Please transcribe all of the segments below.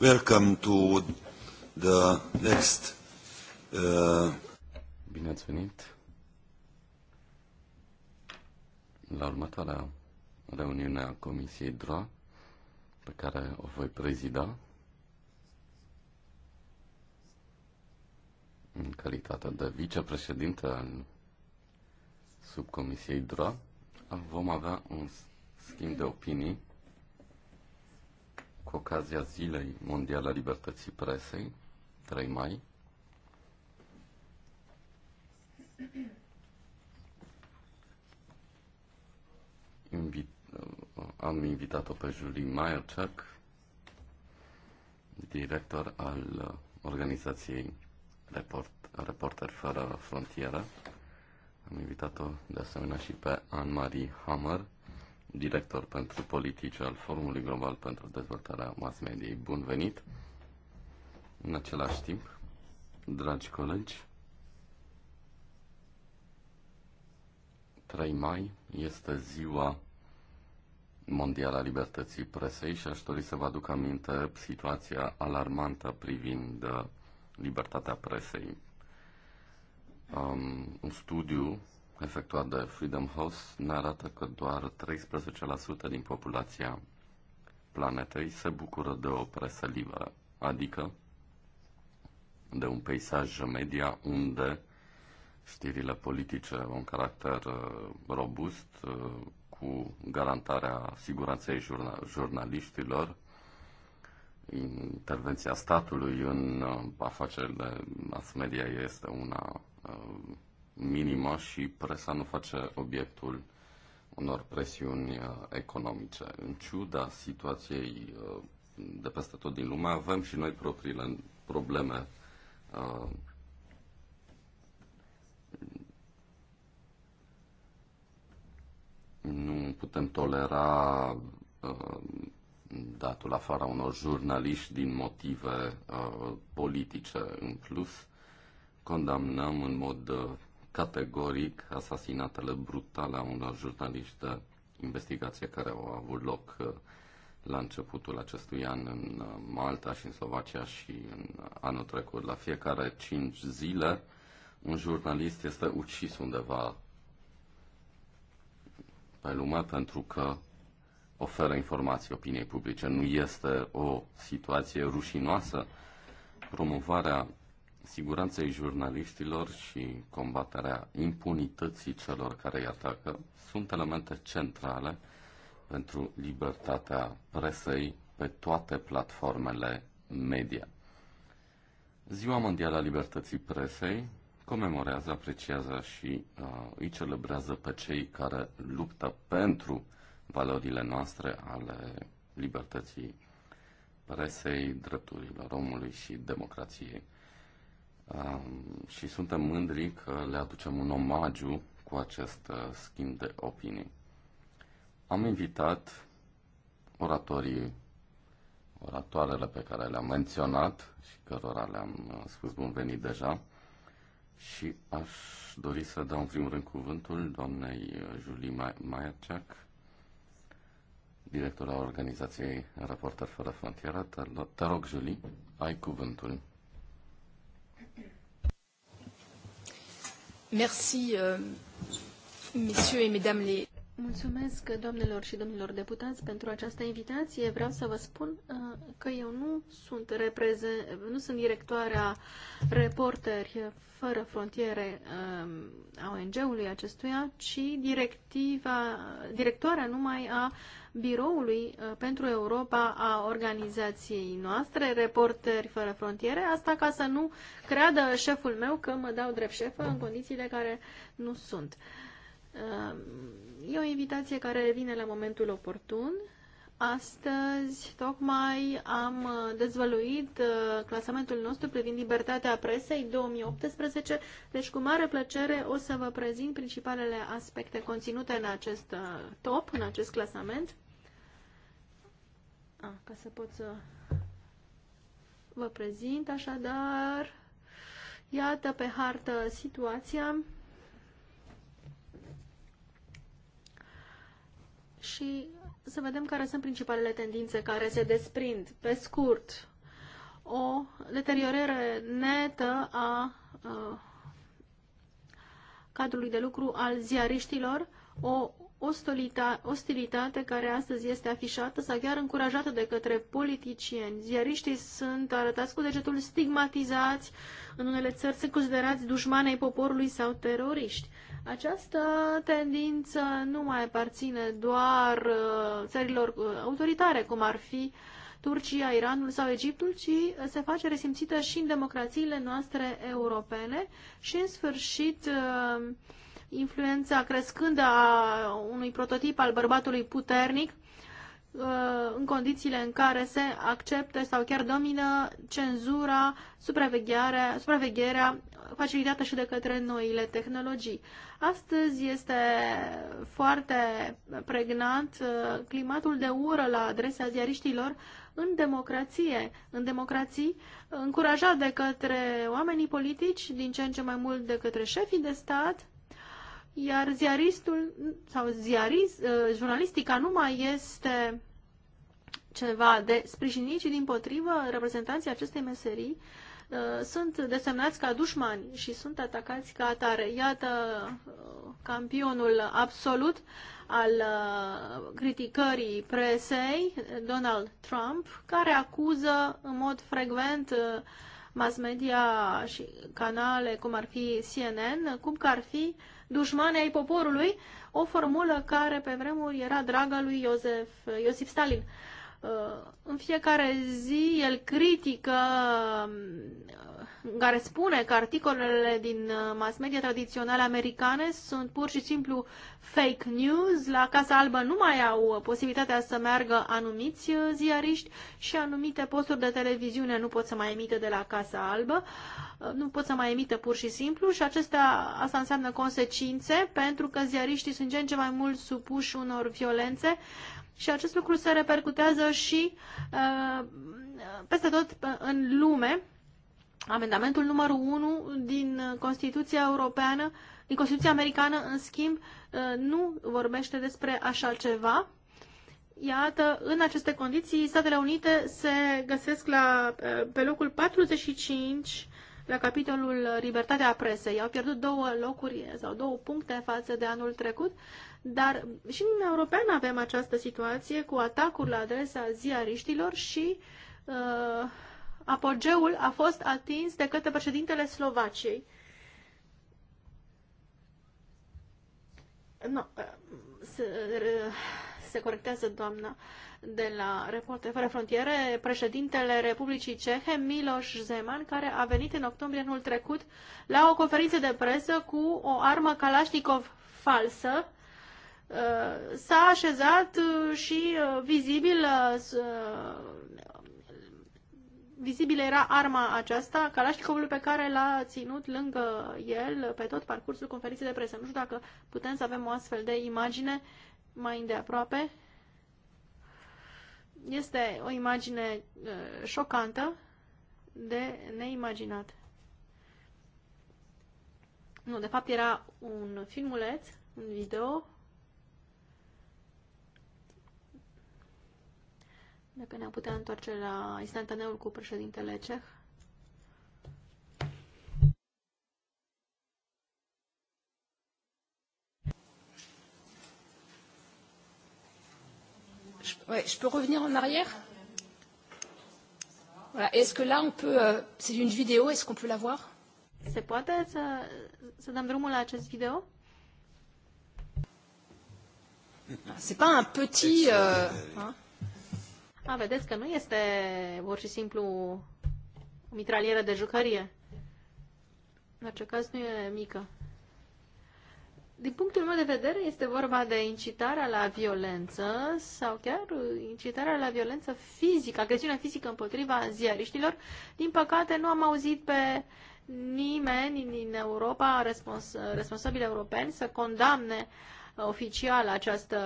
Welcome to the next. Uh... Bine ați venit la următoarea reuniune a Comisiei DRA pe care o voi prezida în calitate de vicepreședinte al subcomisiei DRA. Vom avea un schimb de opinii cu ocazia Zilei Mondiale a Libertății Presei, 3 mai. Invit, uh, am invitat-o pe Julie Maierczak, director al uh, organizației Report, Reporter Fără Frontieră. Am invitat-o de asemenea și pe Anne-Marie Hammer, director pentru politici al Forumului Global pentru Dezvoltarea Mass Mediei. Bun venit! În același timp, dragi colegi, 3 mai este ziua mondială a libertății presei și aș dori să vă aduc aminte situația alarmantă privind uh, libertatea presei. Um, un studiu efectuat de Freedom House ne arată că doar 13% din populația planetei se bucură de o presă liberă, adică de un peisaj media unde știrile politice au un caracter uh, robust, uh, cu garantarea siguranței jurna- jurnaliștilor, intervenția statului în uh, afacerile mass media este una minimă și presa nu face obiectul unor presiuni uh, economice. În ciuda situației uh, de peste tot din lume, avem și noi propriile probleme uh, nu putem tolera datul afară unor jurnaliști din motive politice în plus. Condamnăm în mod categoric asasinatele brutale a unor jurnaliști de investigație care au avut loc uh, la începutul acestui an în uh, Malta și în Slovacia și în uh, anul trecut. La fiecare cinci zile un jurnalist este ucis undeva pe lume pentru că oferă informații opiniei publice. Nu este o situație rușinoasă. Promovarea siguranței jurnaliștilor și combaterea impunității celor care îi atacă sunt elemente centrale pentru libertatea presei pe toate platformele media. Ziua Mondială a Libertății Presei comemorează, apreciază și uh, îi celebrează pe cei care luptă pentru valorile noastre ale libertății presei, drepturilor omului și democrației și suntem mândri că le aducem un omagiu cu acest uh, schimb de opinii. Am invitat oratorii, oratoarele pe care le-am menționat și cărora le-am uh, spus bun venit deja și aș dori să dau în primul rând cuvântul doamnei uh, Julie Maiaciac, directora organizației Reporter fără frontieră. Te, te rog, Julie, ai cuvântul. Merci, euh, messieurs et mesdames les. Mulțumesc doamnelor și domnilor deputați pentru această invitație. Vreau să vă spun uh, că eu nu sunt, nu sunt directoarea Reporteri Fără Frontiere um, a ONG-ului acestuia, ci directiva, directoarea numai a biroului uh, pentru Europa a organizației noastre, Reporteri Fără Frontiere, asta ca să nu creadă șeful meu că mă dau drept șefă în condițiile care nu sunt um, E o invitație care vine la momentul oportun. Astăzi, tocmai am uh, dezvăluit uh, clasamentul nostru privind libertatea presei 2018, deci cu mare plăcere o să vă prezint principalele aspecte conținute în acest uh, top, în acest clasament. A, ca să pot să vă prezint, așadar, iată pe hartă situația. și să vedem care sunt principalele tendințe care se desprind. Pe scurt, o deteriorare netă a uh, cadrului de lucru al ziariștilor, o ostilitate care astăzi este afișată sau chiar încurajată de către politicieni. Ziariștii sunt arătați cu degetul stigmatizați, în unele țări sunt considerați dușmanei poporului sau teroriști. Această tendință nu mai aparține doar uh, țărilor uh, autoritare, cum ar fi Turcia, Iranul sau Egiptul, ci se face resimțită și în democrațiile noastre europene și, în sfârșit, uh, influența crescândă a unui prototip al bărbatului puternic, în condițiile în care se acceptă sau chiar domină cenzura, supravegherea, supravegherea facilitată și de către noile tehnologii. Astăzi este foarte pregnant uh, climatul de ură la adresa ziariștilor în democrație, în democrații, încurajat de către oamenii politici, din ce în ce mai mult de către șefii de stat, iar ziaristul sau ziarist, uh, jurnalistica nu mai este ceva de sprijinit, ci din potrivă reprezentanții acestei meserii uh, Uh, sunt desemnați ca dușmani și sunt atacați ca atare. Iată uh, campionul absolut al uh, criticării presei, Donald Trump, care acuză în mod frecvent mass media și canale cum ar fi CNN, cum că ar fi dușmane ai poporului, o formulă care pe vremuri era dragă lui Iosef, Iosif Stalin. Uh, în fiecare zi el critică, um, care spune că articolele din uh, mass media tradiționale americane sunt pur și simplu fake news. La Casa Albă nu mai au uh, posibilitatea să meargă anumiți ziariști și anumite posturi de televiziune nu pot să mai emite de la Casa Albă. Nu pot să mai emite pur și simplu și acestea, asta înseamnă consecințe pentru că ziariștii sunt gen ce mai mult supuși unor violențe și acest lucru se repercutează și uh, peste tot în lume. Amendamentul numărul 1 din Constituția Europeană, din Constituția Americană, în schimb, uh, nu vorbește despre așa ceva. Iată, în aceste condiții, Statele Unite se găsesc la, uh, pe locul 45 la capitolul Libertatea presei. Au pierdut două locuri sau două puncte față de anul trecut dar și în european avem această situație cu atacuri la adresa ziariștilor și uh, apogeul a fost atins de către președintele Slovaciei. No, uh, se, uh, se corectează doamna de la Reporte Fără Frontiere, președintele Republicii Cehe, Miloš Zeman, care a venit în octombrie anul trecut la o conferință de presă cu o armă Kalashnikov falsă Uh, s-a așezat uh, și uh, vizibil vizibil era arma aceasta, Kalashnikovul pe care l-a ținut lângă el pe tot parcursul conferinței de presă. Nu știu dacă putem să avem o astfel de imagine mai îndeaproape. Este o imagine șocantă de neimaginat. Nu, de fapt era un filmuleț, un video Dacă ne-am putea întoarce la instantaneul cu președintele ceh. Ouais, je peux revenir en arrière voilà. Est-ce que là, on peut... Euh, C'est une vidéo, est-ce qu'on peut la voir C'est poate Ça Ça donne vraiment la acest vidéo. Ah, c'est pas un petit... Euh, euh hein? A, vedeți că nu este pur și simplu o mitralieră de jucărie. În orice caz nu e mică. Din punctul meu de vedere, este vorba de incitarea la violență sau chiar incitarea la violență fizică, agresiunea fizică împotriva ziariștilor. Din păcate, nu am auzit pe nimeni din Europa, respons- responsabili europeni, să condamne oficial această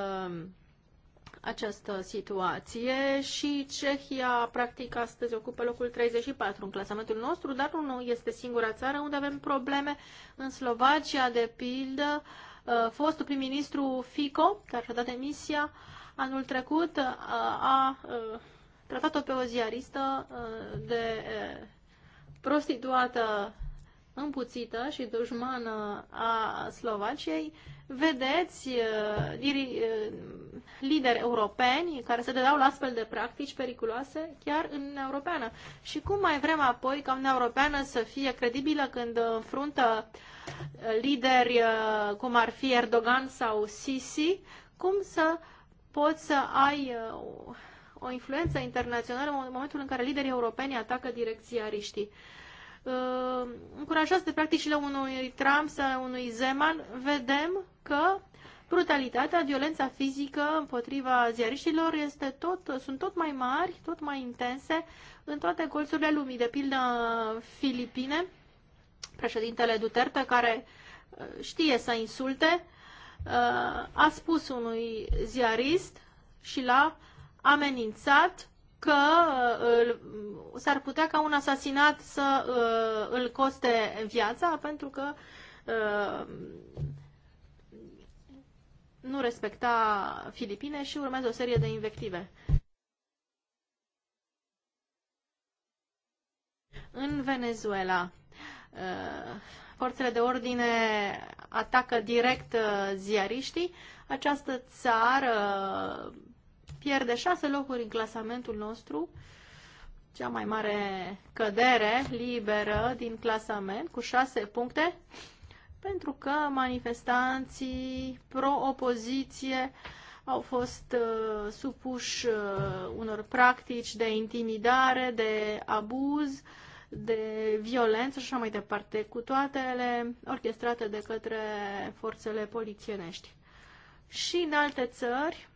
această situație și Cehia, practic, astăzi ocupă locul 34 în clasamentul nostru, dar nu este singura țară unde avem probleme. În Slovacia, de pildă, uh, fostul prim-ministru Fico, care și-a dat emisia anul trecut, uh, a uh, tratat-o pe o ziaristă de prostituată împuțită și dușmană a Slovaciei, vedeți uh, uh, lideri europeni care se dădeau la astfel de practici periculoase chiar în Uniunea Europeană. Și cum mai vrem apoi ca Uniunea Europeană să fie credibilă când înfruntă uh, lideri cum ar fi Erdogan sau Sisi, cum să poți să ai o influență internațională în momentul în care liderii europeni atacă direct riștii. Uh, Uh, încurajați de practicile unui Trump sau unui Zeman, vedem că brutalitatea, violența fizică împotriva ziariștilor este tot, sunt tot mai mari, tot mai intense în toate colțurile lumii. De pildă Filipine, președintele Duterte, care uh, știe să insulte, uh, a spus unui ziarist și l-a amenințat că s-ar putea ca un asasinat să îl coste viața pentru că nu respecta Filipine și urmează o serie de invective. În Venezuela, forțele de ordine atacă direct ziariștii. Această țară pierde șase locuri în clasamentul nostru, cea mai mare cădere liberă din clasament, cu șase puncte, pentru că manifestanții pro-opoziție au fost uh, supuși uh, unor practici de intimidare, de abuz, de violență și așa mai departe, cu toatele orchestrate de către forțele polițienești. Și în alte țări,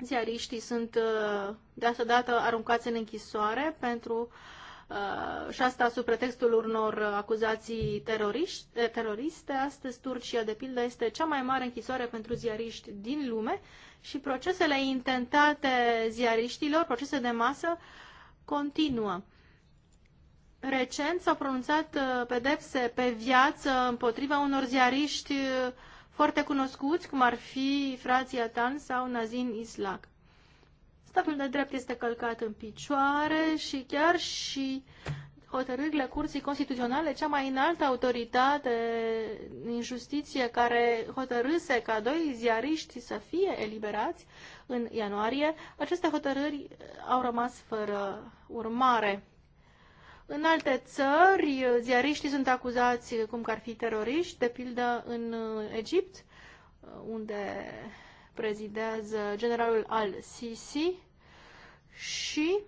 ziariștii sunt uh, de asta dată aruncați în închisoare pentru uh, și asta sub pretextul unor acuzații teroriste. Astăzi, Turcia, de pildă, este cea mai mare închisoare pentru ziariști din lume și procesele intentate ziariștilor, procese de masă, continuă. Recent s-au pronunțat uh, pedepse pe viață împotriva unor ziariști uh, foarte cunoscuți, cum ar fi frații Atan sau Nazin Islac. Statul de drept este călcat în picioare și chiar și hotărârile Curții Constituționale, cea mai înaltă autoritate în justiție care hotărâse ca doi ziariști să fie eliberați în ianuarie, aceste hotărâri au rămas fără urmare. În alte țări, ziariștii sunt acuzați cum că ar fi teroriști, de pildă în uh, Egipt, uh, unde prezidează generalul al-Sisi și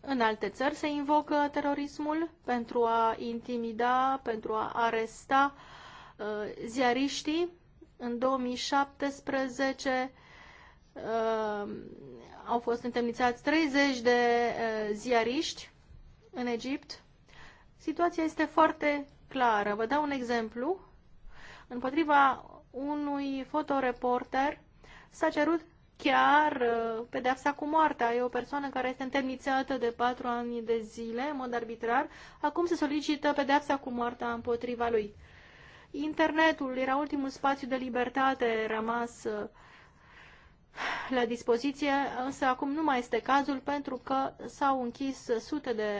în alte țări se invocă terorismul pentru a intimida, pentru a aresta uh, ziariștii. În 2017 au fost întemnițați 30 de ziariști în Egipt, situația este foarte clară. Vă dau un exemplu. Împotriva unui fotoreporter s-a cerut chiar uh, pedeapsa cu moartea. E o persoană care este întemnițată de patru ani de zile, în mod arbitrar. Acum se solicită pedeapsa cu moartea împotriva lui. Internetul era ultimul spațiu de libertate rămas uh, la dispoziție, însă acum nu mai este cazul pentru că s-au închis sute de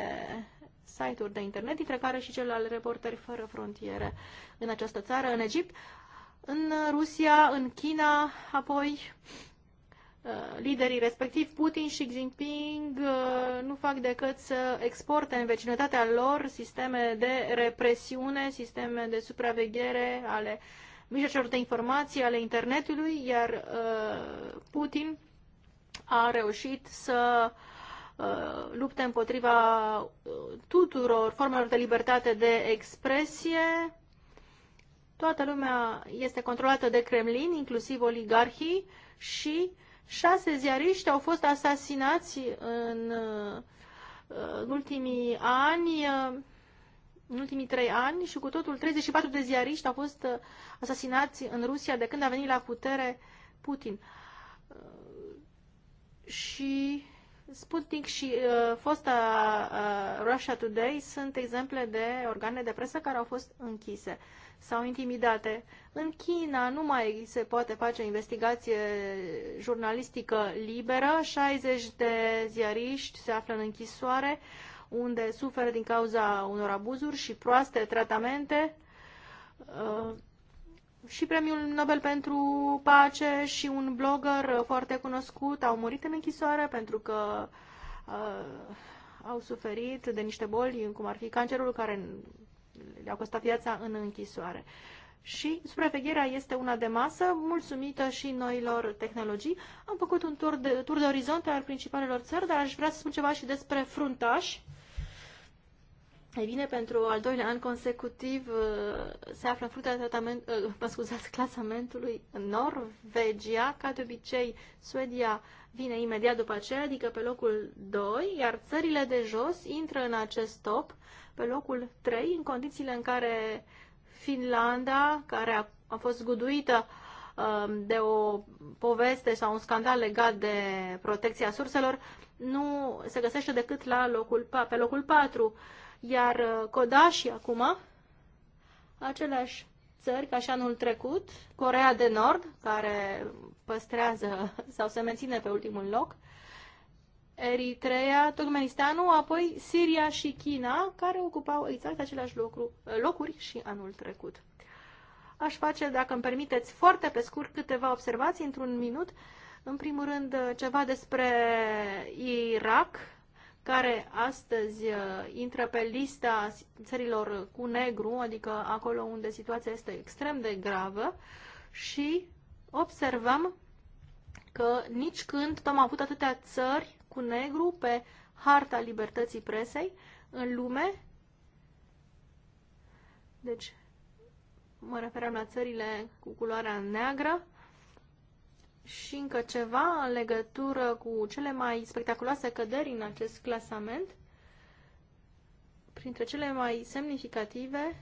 site-uri de internet, dintre care și cel al Reporteri Fără Frontiere în această țară, în Egipt, în Rusia, în China, apoi uh, liderii respectiv, Putin și Xi Jinping, uh, nu fac decât să exporte în vecinătatea lor sisteme de represiune, sisteme de supraveghere ale uh, mijloacelor de informații ale internetului, iar uh, Putin a reușit să uh, lupte împotriva uh, tuturor formelor de libertate de expresie. Toată lumea este controlată de Kremlin, inclusiv oligarhii, și șase ziariști au fost asasinați în, uh, în ultimii ani în ultimii trei ani și cu totul 34 de ziariști au fost uh, asasinați în Rusia de când a venit la putere Putin. Uh, și Sputnik și uh, fosta uh, Russia Today sunt exemple de organe de presă care au fost închise sau intimidate. În China nu mai se poate face o investigație jurnalistică liberă, 60 de ziariști se află în închisoare, uh, unde suferă din cauza unor abuzuri și proaste tratamente uh, și premiul Nobel pentru pace și un blogger foarte cunoscut au murit în închisoare pentru că uh, au suferit de niște boli, cum ar fi cancerul, care le a costat viața în închisoare. Și supravegherea este una de masă, mulțumită și noilor tehnologii. Am făcut un tur de, tur de orizont al principalelor țări, dar aș vrea să spun ceva și despre fruntași. Uh, ei bine, pentru al doilea an consecutiv uh, se află în fruntea tratament, uh, mă scuzați, clasamentului Norvegia, ca de obicei Suedia vine imediat după aceea, adică pe locul 2, iar țările de jos intră în acest top pe locul 3, în condițiile în care Finlanda, care a, a fost guduită um, de o poveste sau un scandal legat de protecția surselor, nu se găsește decât la locul, pe locul 4. Iar Kodashi uh, acum, aceleași țări ca și anul trecut, Corea de Nord, care păstrează sau se menține pe ultimul loc, Eritrea, Turkmenistanul, apoi Siria și China, care ocupau exact aceleași locru, locuri și anul trecut. Aș face, dacă îmi permiteți, foarte pe scurt câteva observații într-un minut. În primul rând, ceva despre Irak, care astăzi uh, intră pe lista țărilor cu negru, adică acolo unde situația este extrem de gravă și observăm că nici când am avut atâtea țări cu negru pe harta libertății presei în lume, deci mă referam la țările cu culoarea neagră, și încă ceva în legătură cu cele mai spectaculoase căderi în acest clasament. Printre cele mai semnificative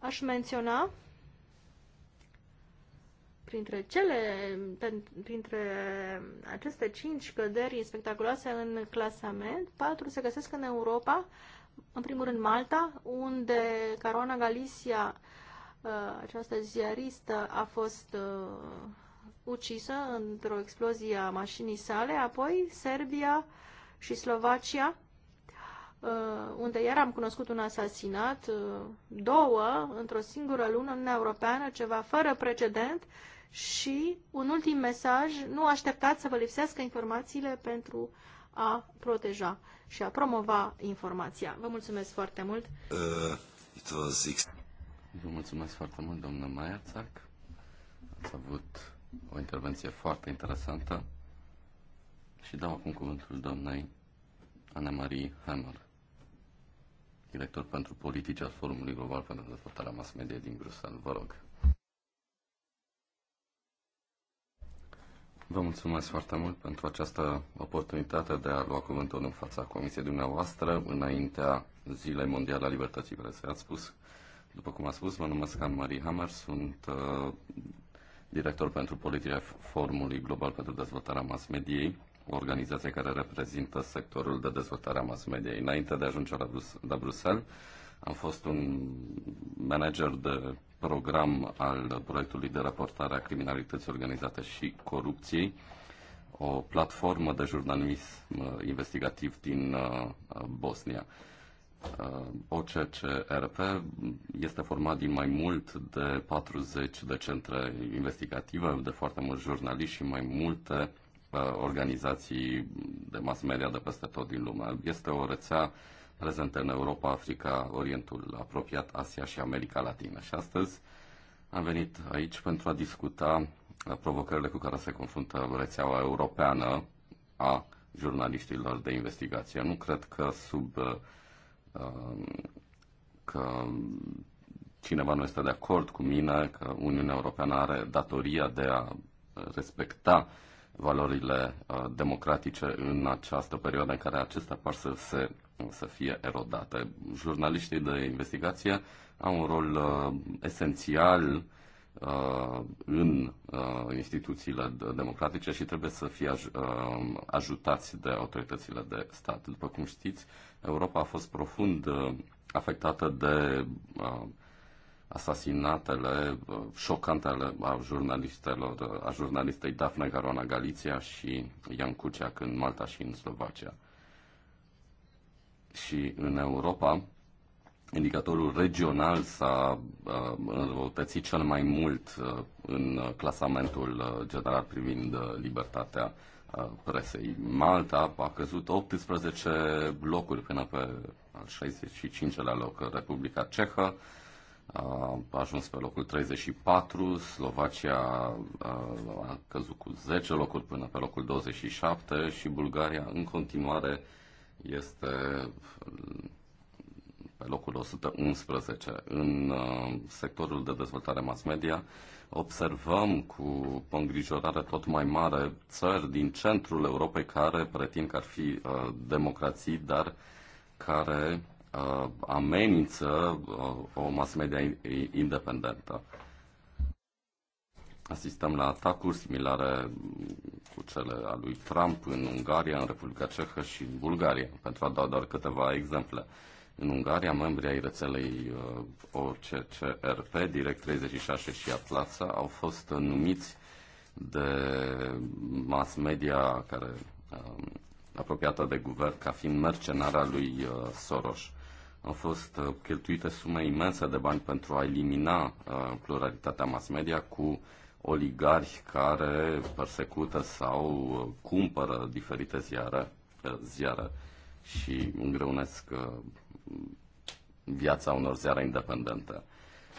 aș menționa printre cele printre aceste cinci căderi spectaculoase în clasament, patru se găsesc în Europa, în primul rând Malta, unde Caruana Galicia, uh, această ziaristă, a fost uh, ucisă într-o explozie a mașinii sale, apoi Serbia și Slovacia, uh, unde iar am cunoscut un asasinat, uh, două, într-o singură lună, în europeană, ceva fără precedent, și un ultim mesaj, nu așteptați să vă lipsească informațiile pentru a proteja și a promova informația. Vă mulțumesc foarte mult! Uh, it was... Vă mulțumesc foarte mult, domnul Maier Țarc. Ați avut o intervenție foarte interesantă și dau acum cuvântul doamnei Ana Marie Hammer, director pentru politici al Forumului Global pentru Dezvoltarea Mass Media din Bruxelles. Vă rog. Vă mulțumesc foarte mult pentru această oportunitate de a lua cuvântul în fața Comisiei dumneavoastră înaintea Zilei Mondiale a Libertății Presei. Ați spus, după cum a spus, mă numesc Anne-Marie Hammer, sunt uh, director pentru politica Forumului Global pentru Dezvoltarea Mass Mediei, o organizație care reprezintă sectorul de dezvoltare a mass mediei. Înainte de a ajunge la, Brus- la Bruxelles, am fost un manager de program al proiectului de raportare a criminalității organizate și corupției, o platformă de jurnalism uh, investigativ din uh, Bosnia. Uh, OCCRP este format din mai mult de 40 de centre investigative, de foarte mulți jurnaliști și mai multe uh, organizații de mass media de peste tot din lume. Este o rețea prezentă în Europa, Africa, Orientul apropiat, Asia și America Latină. Și astăzi am venit aici pentru a discuta uh, provocările cu care se confruntă rețeaua europeană a jurnaliștilor de investigație. Nu cred că sub uh, Um, că cineva nu este de acord cu mine, că Uniunea Europeană are datoria de a respecta valorile uh, democratice în această perioadă în care acestea par să, se, să fie erodate. Jurnaliștii de investigație au un rol uh, esențial uh, în instituțiile democratice și trebuie să fie ajutați de autoritățile de stat. După cum știți, Europa a fost profund uh, afectată de uh, asasinatele uh, șocante ale a jurnalistelor, a jurnalistei Daphne Caruana Galicia și Ian Cuceac în Malta și în Slovacia. Și în Europa, indicatorul regional s-a înrăutățit cel mai mult în clasamentul general privind libertatea presei. Malta a căzut 18 locuri până pe al 65-lea loc. Republica Cehă a ajuns pe locul 34, Slovacia a căzut cu 10 locuri până pe locul 27 și Bulgaria în continuare este pe locul 111 în sectorul de dezvoltare mass media observăm cu o îngrijorare tot mai mare țări din centrul Europei care pretind că ar fi uh, democrații, dar care uh, amenință uh, o mass media independentă. Asistăm la atacuri similare cu cele a lui Trump în Ungaria, în Republica Cehă și în Bulgaria, pentru a da doar câteva exemple. Uh, în Ungaria, membri ai rețelei uh, OCCRP, Direct 36 și Aplața, au fost numiți de mass media care um, apropiată de guvern ca fiind mercenara lui uh, Soros. Au fost uh, cheltuite sume imense de bani pentru a elimina pluralitatea mass media cu oligarhi care persecută sau cumpără diferite ziare, ziare și îngreunesc viața unor ziare independente.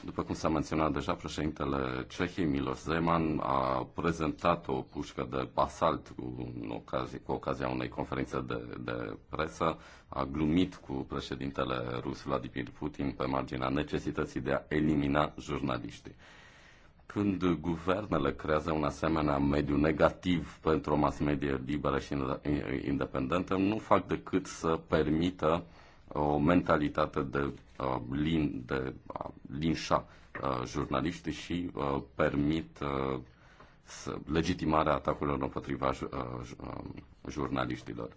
După cum s-a menționat deja, președintele Cehiei, Milos Zeman, a prezentat o pușcă de basalt cu, ocazie, cu ocazia unei conferințe de, de presă, a glumit cu președintele rus Vladimir Putin pe marginea necesității de a elimina jurnaliștii. Când guvernele creează un asemenea mediu negativ pentru o mass media liberă și independentă, nu fac decât să permită uh, o mentalitate de, uh, lin, de uh, linșa uh, jurnaliștii și uh, permit uh, să, legitimarea atacurilor împotriva uh, uh jurnaliștilor.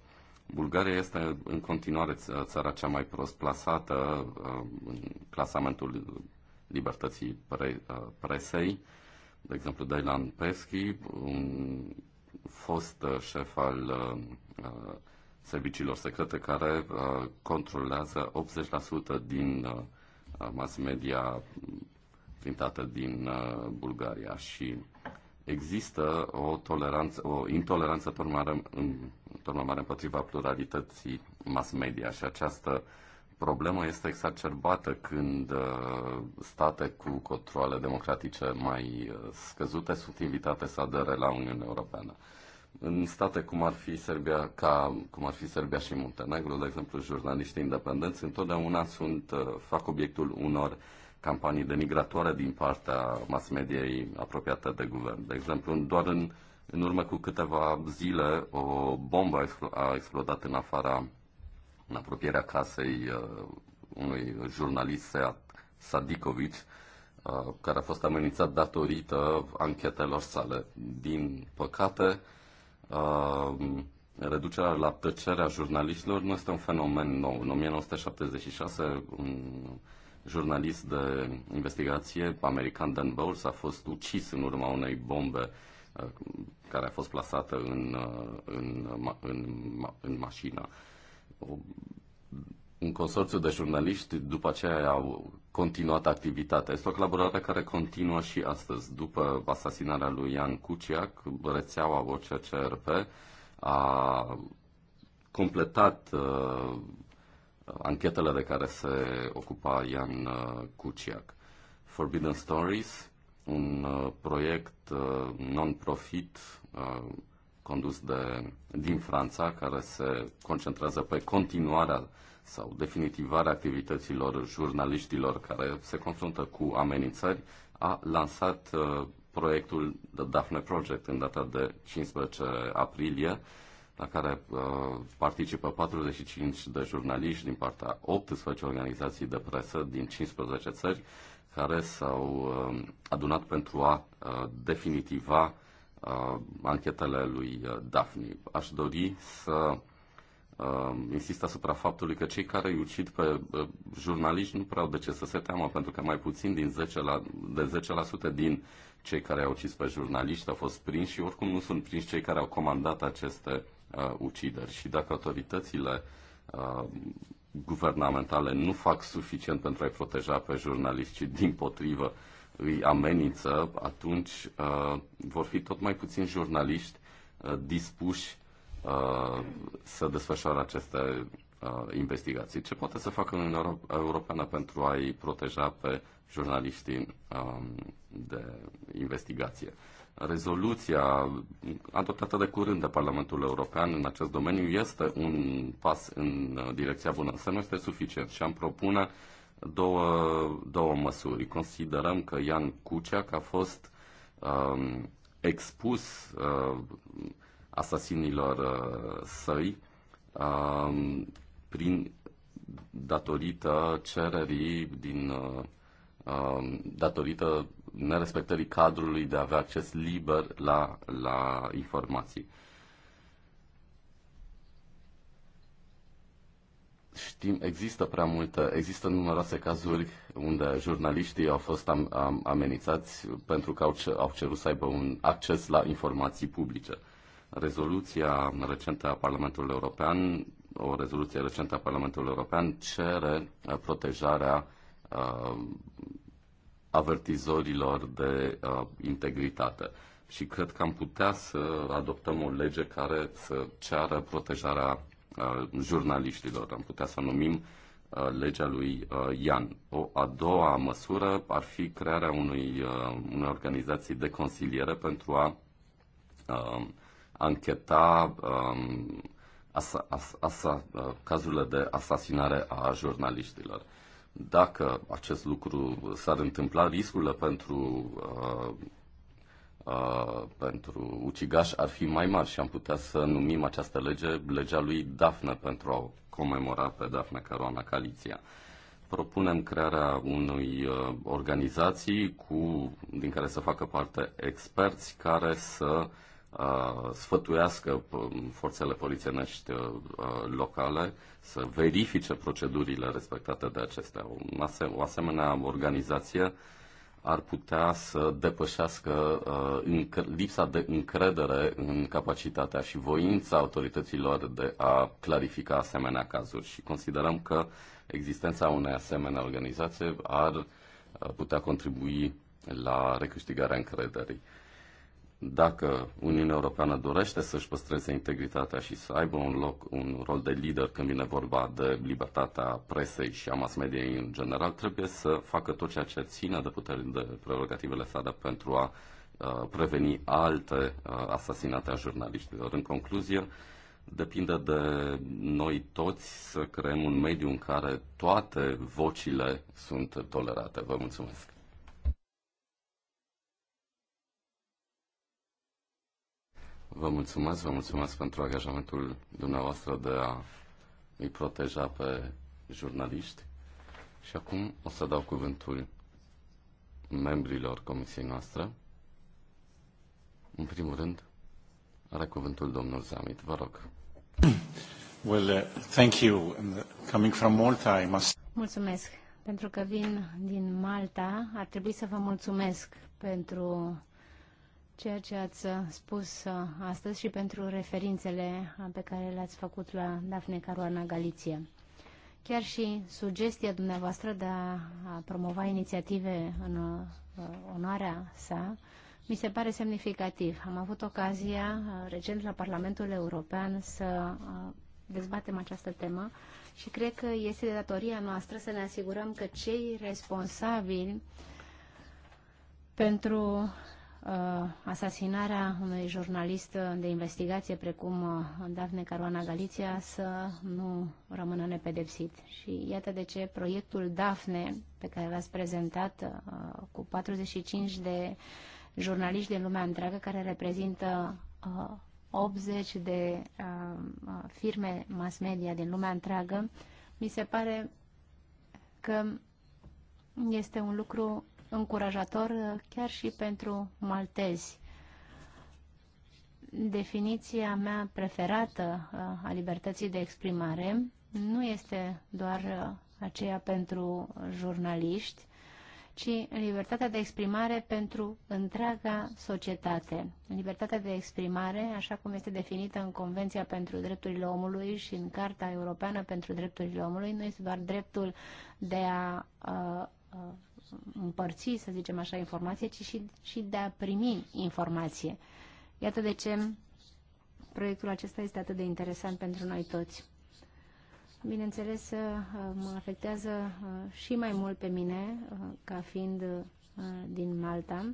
Bulgaria este în continuare țara cea mai prost plasată uh, în clasamentul libertății pre, uh, presei. De exemplu, Dailan Peschi, un fost uh, șef al uh, uh serviciilor secrete care uh, controlează 80% din uh, mass media printată din uh, Bulgaria și există o toleranță, o intoleranță tot mai mare, mare împotriva pluralității mass media și această problemă este exacerbată când state cu controle democratice mai scăzute sunt invitate să adere la Uniunea Europeană în state cum ar fi Serbia, ca, cum ar fi Serbia și Muntenegru, de exemplu, jurnaliștii independenți întotdeauna sunt, uh, fac obiectul unor campanii denigratoare din partea mass mediei apropiată de guvern. De exemplu, doar în, în urmă cu câteva zile, o bombă a explodat în afara, în apropierea casei uh, unui jurnalist, Seat Sadikovic, uh, care a fost amenințat datorită anchetelor sale. Din păcate, uh, Uh, reducerea la tăcerea jurnaliștilor nu este un fenomen nou. În 1976, un jurnalist de investigație american, Dan Bowles, a fost ucis în urma unei bombe uh, care a fost plasată în, uh, în, în, în mașină un consorțiu de jurnaliști după aceea au continuat activitatea. Este o colaborare care continuă și astăzi. După asasinarea lui Ian Cuciac, rețeaua OCCRP a completat uh, anchetele de care se ocupa Ian uh, Cuciac. Forbidden Stories, un uh, proiect uh, non-profit uh, condus de, din Franța, care se concentrează pe continuarea uh, sau definitivarea activităților jurnaliștilor care se confruntă cu amenințări, a lansat uh, proiectul The Daphne Project în data de 15 aprilie, la care uh, participă 45 de jurnaliști din partea 18 organizații de presă din 15 țări, care s-au uh, adunat pentru a uh, definitiva uh, anchetele lui uh, Daphne. Aș dori să Um, insist asupra faptului că cei care îi ucid pe jurnaliști nu prea au de ce să se teamă, pentru că mai puțin din 10 la, de 10% din cei care au ucis pe jurnaliști au fost prinși și oricum nu sunt prinși cei care au comandat aceste uh, ucideri. Și dacă autoritățile uh, guvernamentale nu fac suficient pentru a-i proteja pe jurnaliști, ci din potrivă îi amenință, atunci uh, vor fi tot mai puțini jurnaliști uh, dispuși Uh, să desfășoare aceste uh, investigații. Ce poate să facă Uniunea Europeană pentru a-i proteja pe jurnaliștii um, de investigație? Rezoluția adoptată de curând de Parlamentul European în acest domeniu este un pas în uh, direcția bună, însă nu este suficient și am propune două, două măsuri. Considerăm că Ian Cuceac a fost um, expus uh, asasinilor uh, săi um, prin datorită cererii din uh, um, datorită nerespectării cadrului de a avea acces liber la, la informații. Știm, există prea multe, există numeroase cazuri unde jurnaliștii au fost am, am, amenințați pentru că au, au cerut să aibă un acces la informații publice. Rezoluția recentă a Parlamentului European, o rezoluție recentă a Parlamentului European cere uh, protejarea uh, avertizorilor de uh, integritate. Și cred că am putea să adoptăm o lege care să ceară protejarea uh, jurnaliștilor. Am putea să numim uh, legea lui uh, Ian. O a doua măsură ar fi crearea unui, unei organizații de consiliere pentru a uh, ancheta um, asa, asa, uh, cazurile de asasinare a jurnaliștilor. Dacă acest lucru s-ar întâmpla, riscurile pentru, uh, uh, pentru ucigaș ar fi mai mari și am putea să numim această lege legea lui Dafne pentru a comemora pe Dafne Caruana Caliția propunem crearea unui uh, organizații cu, din care să facă parte experți care să sfătuiască forțele polițienești locale să verifice procedurile respectate de acestea. o asemenea organizație ar putea să depășească lipsa de încredere în capacitatea și voința autorităților de a clarifica asemenea cazuri și considerăm că existența unei asemenea organizații ar putea contribui la recâștigarea încrederii dacă Uniunea Europeană dorește să-și păstreze integritatea și să aibă un loc, un rol de lider când vine vorba de libertatea presei și a mass media în general, trebuie să facă tot ceea ce ține de puteri de prerogativele sale pentru a preveni alte asasinate a jurnaliștilor. În concluzie, depinde de noi toți să creăm un mediu în care toate vocile sunt tolerate. Vă mulțumesc! Vă mulțumesc, vă mulțumesc pentru angajamentul dumneavoastră de a îi proteja pe jurnaliști. Și acum o să dau cuvântul membrilor comisiei noastre. În primul rând, are cuvântul domnul Zamit. Vă rog. Well, uh, thank you. Uh, coming from Malta, I must... Mulțumesc. Pentru că vin din Malta, ar trebui să vă mulțumesc pentru ceea ce ați uh, spus uh, astăzi și pentru referințele uh, pe care le-ați făcut la Dafne Caruana Galiție. Chiar și sugestia dumneavoastră de a promova inițiative în onoarea sa mi se pare semnificativ. Am avut ocazia recent la Parlamentul European să dezbatem această temă și cred că este de datoria noastră să ne asigurăm că cei responsabili pentru Uh, asasinarea unui jurnalist de investigație precum uh, Daphne Caruana Galiția să nu rămână nepedepsit. Și iată de ce proiectul Daphne, pe care l-ați prezentat uh, cu 45 de jurnaliști din lumea întreagă, care reprezintă 80 de firme mass media din lumea întreagă, mi se pare că este un lucru încurajator chiar și pentru maltezi. Definiția mea preferată uh, a libertății de exprimare nu este doar uh, aceea pentru jurnaliști, ci libertatea de exprimare pentru întreaga societate. Libertatea de exprimare, așa cum este definită în Convenția pentru Drepturile Omului și în Carta Europeană pentru Drepturile Omului, nu este doar dreptul de a, a uh, Uh, împărți, să zicem așa, informație, ci și, și de a primi informație. Iată de ce proiectul acesta este atât de interesant pentru noi toți. Bineînțeles, uh, mă afectează uh, și mai mult pe mine, ca fiind din Malta,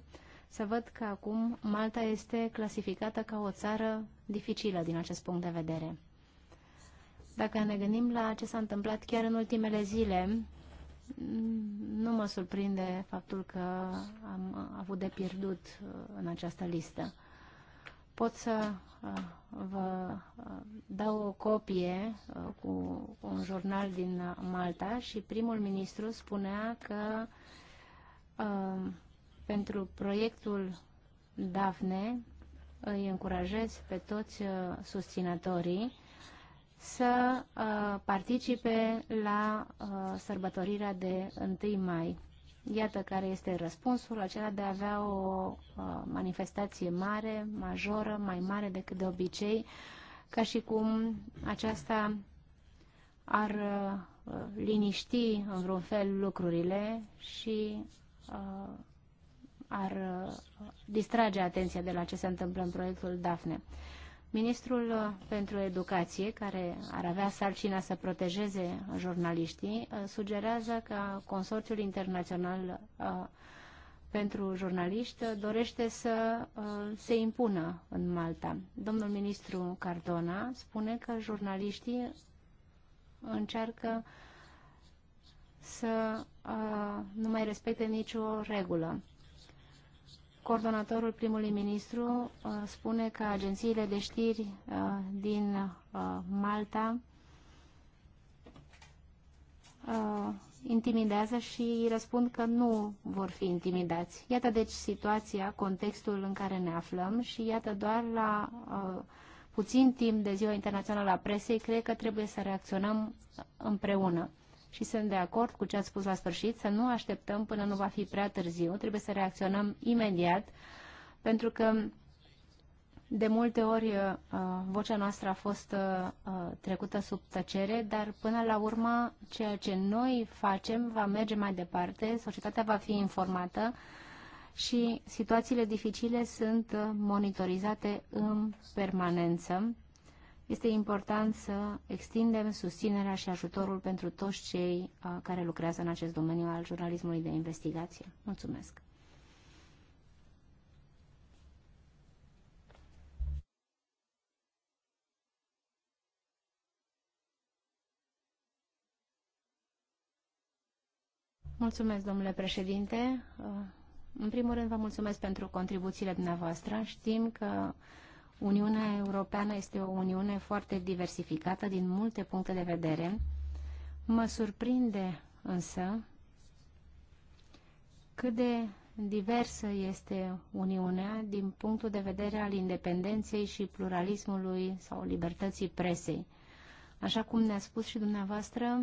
să văd că acum Malta este clasificată ca o țară dificilă din acest punct de vedere. Dacă ne gândim la ce s-a întâmplat chiar în ultimele zile nu mă surprinde faptul că am avut de pierdut uh, în această listă. Pot să uh, vă uh, dau o copie cu un jurnal din Malta și primul ministru spunea că pentru proiectul DAFNE îi încurajez pe toți susținătorii să uh, participe la uh, sărbătorirea de 1 mai. Iată care este răspunsul, acela de a avea o uh, manifestație mare, majoră, mai mare decât de obicei, ca și cum aceasta ar liniști în vreun fel lucrurile și ar distrage atenția de la ce se întâmplă în proiectul DAFNE. Ministrul uh, pentru Educație, care ar avea sarcina să protejeze jurnaliștii, uh, sugerează că Consorțiul Internațional uh, pentru Jurnaliști dorește să se impună în Malta. Domnul ministru Cardona spune că jurnaliștii încearcă să nu mai respecte nicio regulă. Coordonatorul primului ministru uh, spune că agențiile de știri uh, din uh, Malta intimidează și răspund că nu vor fi intimidați. Iată deci situația, contextul în care ne aflăm și iată doar la puțin timp de Ziua Internațională a Presei, cred că trebuie să reacționăm împreună și sunt de acord cu ce ați spus la sfârșit, să nu așteptăm până nu va fi prea târziu, trebuie să reacționăm imediat, pentru că de multe ori uh, vocea noastră a fost uh, uh, trecută sub tăcere, dar până la urmă ceea ce noi facem va merge mai departe, societatea va fi informată și situațiile dificile sunt monitorizate în permanență este important să extindem susținerea și ajutorul pentru toți cei care lucrează în acest domeniu al jurnalismului de investigație. Mulțumesc! Mulțumesc, domnule președinte. În primul rând, vă mulțumesc pentru contribuțiile dumneavoastră. Știm că Uniunea Europeană este o uniune foarte diversificată din multe puncte de vedere. Mă surprinde însă cât de diversă este Uniunea din punctul de vedere al independenței și pluralismului sau libertății presei. Așa cum ne-a spus și dumneavoastră,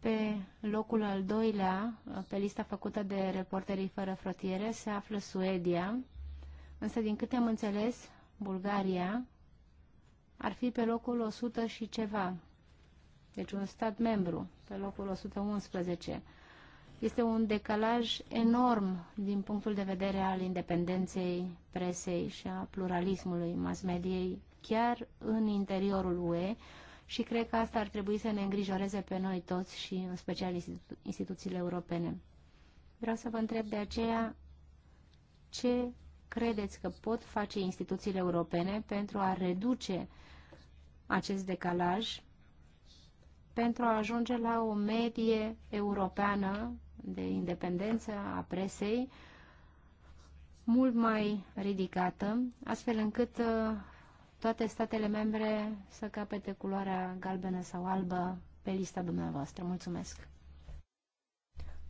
pe locul al doilea, pe lista făcută de Reporterii Fără Frotiere, se află Suedia, Însă, din câte am înțeles, Bulgaria ar fi pe locul 100 și ceva. Deci un stat membru, pe locul 111. Este un decalaj enorm din punctul de vedere al independenței presei și a pluralismului mass mediei, chiar în interiorul UE și cred că asta ar trebui să ne îngrijoreze pe noi toți și în special instituțiile europene. Vreau să vă întreb de aceea ce credeți că pot face instituțiile europene pentru a reduce acest decalaj, pentru a ajunge la o medie europeană de independență a presei mult mai ridicată, astfel încât uh, toate statele membre să capete culoarea galbenă sau albă pe lista dumneavoastră. Mulțumesc!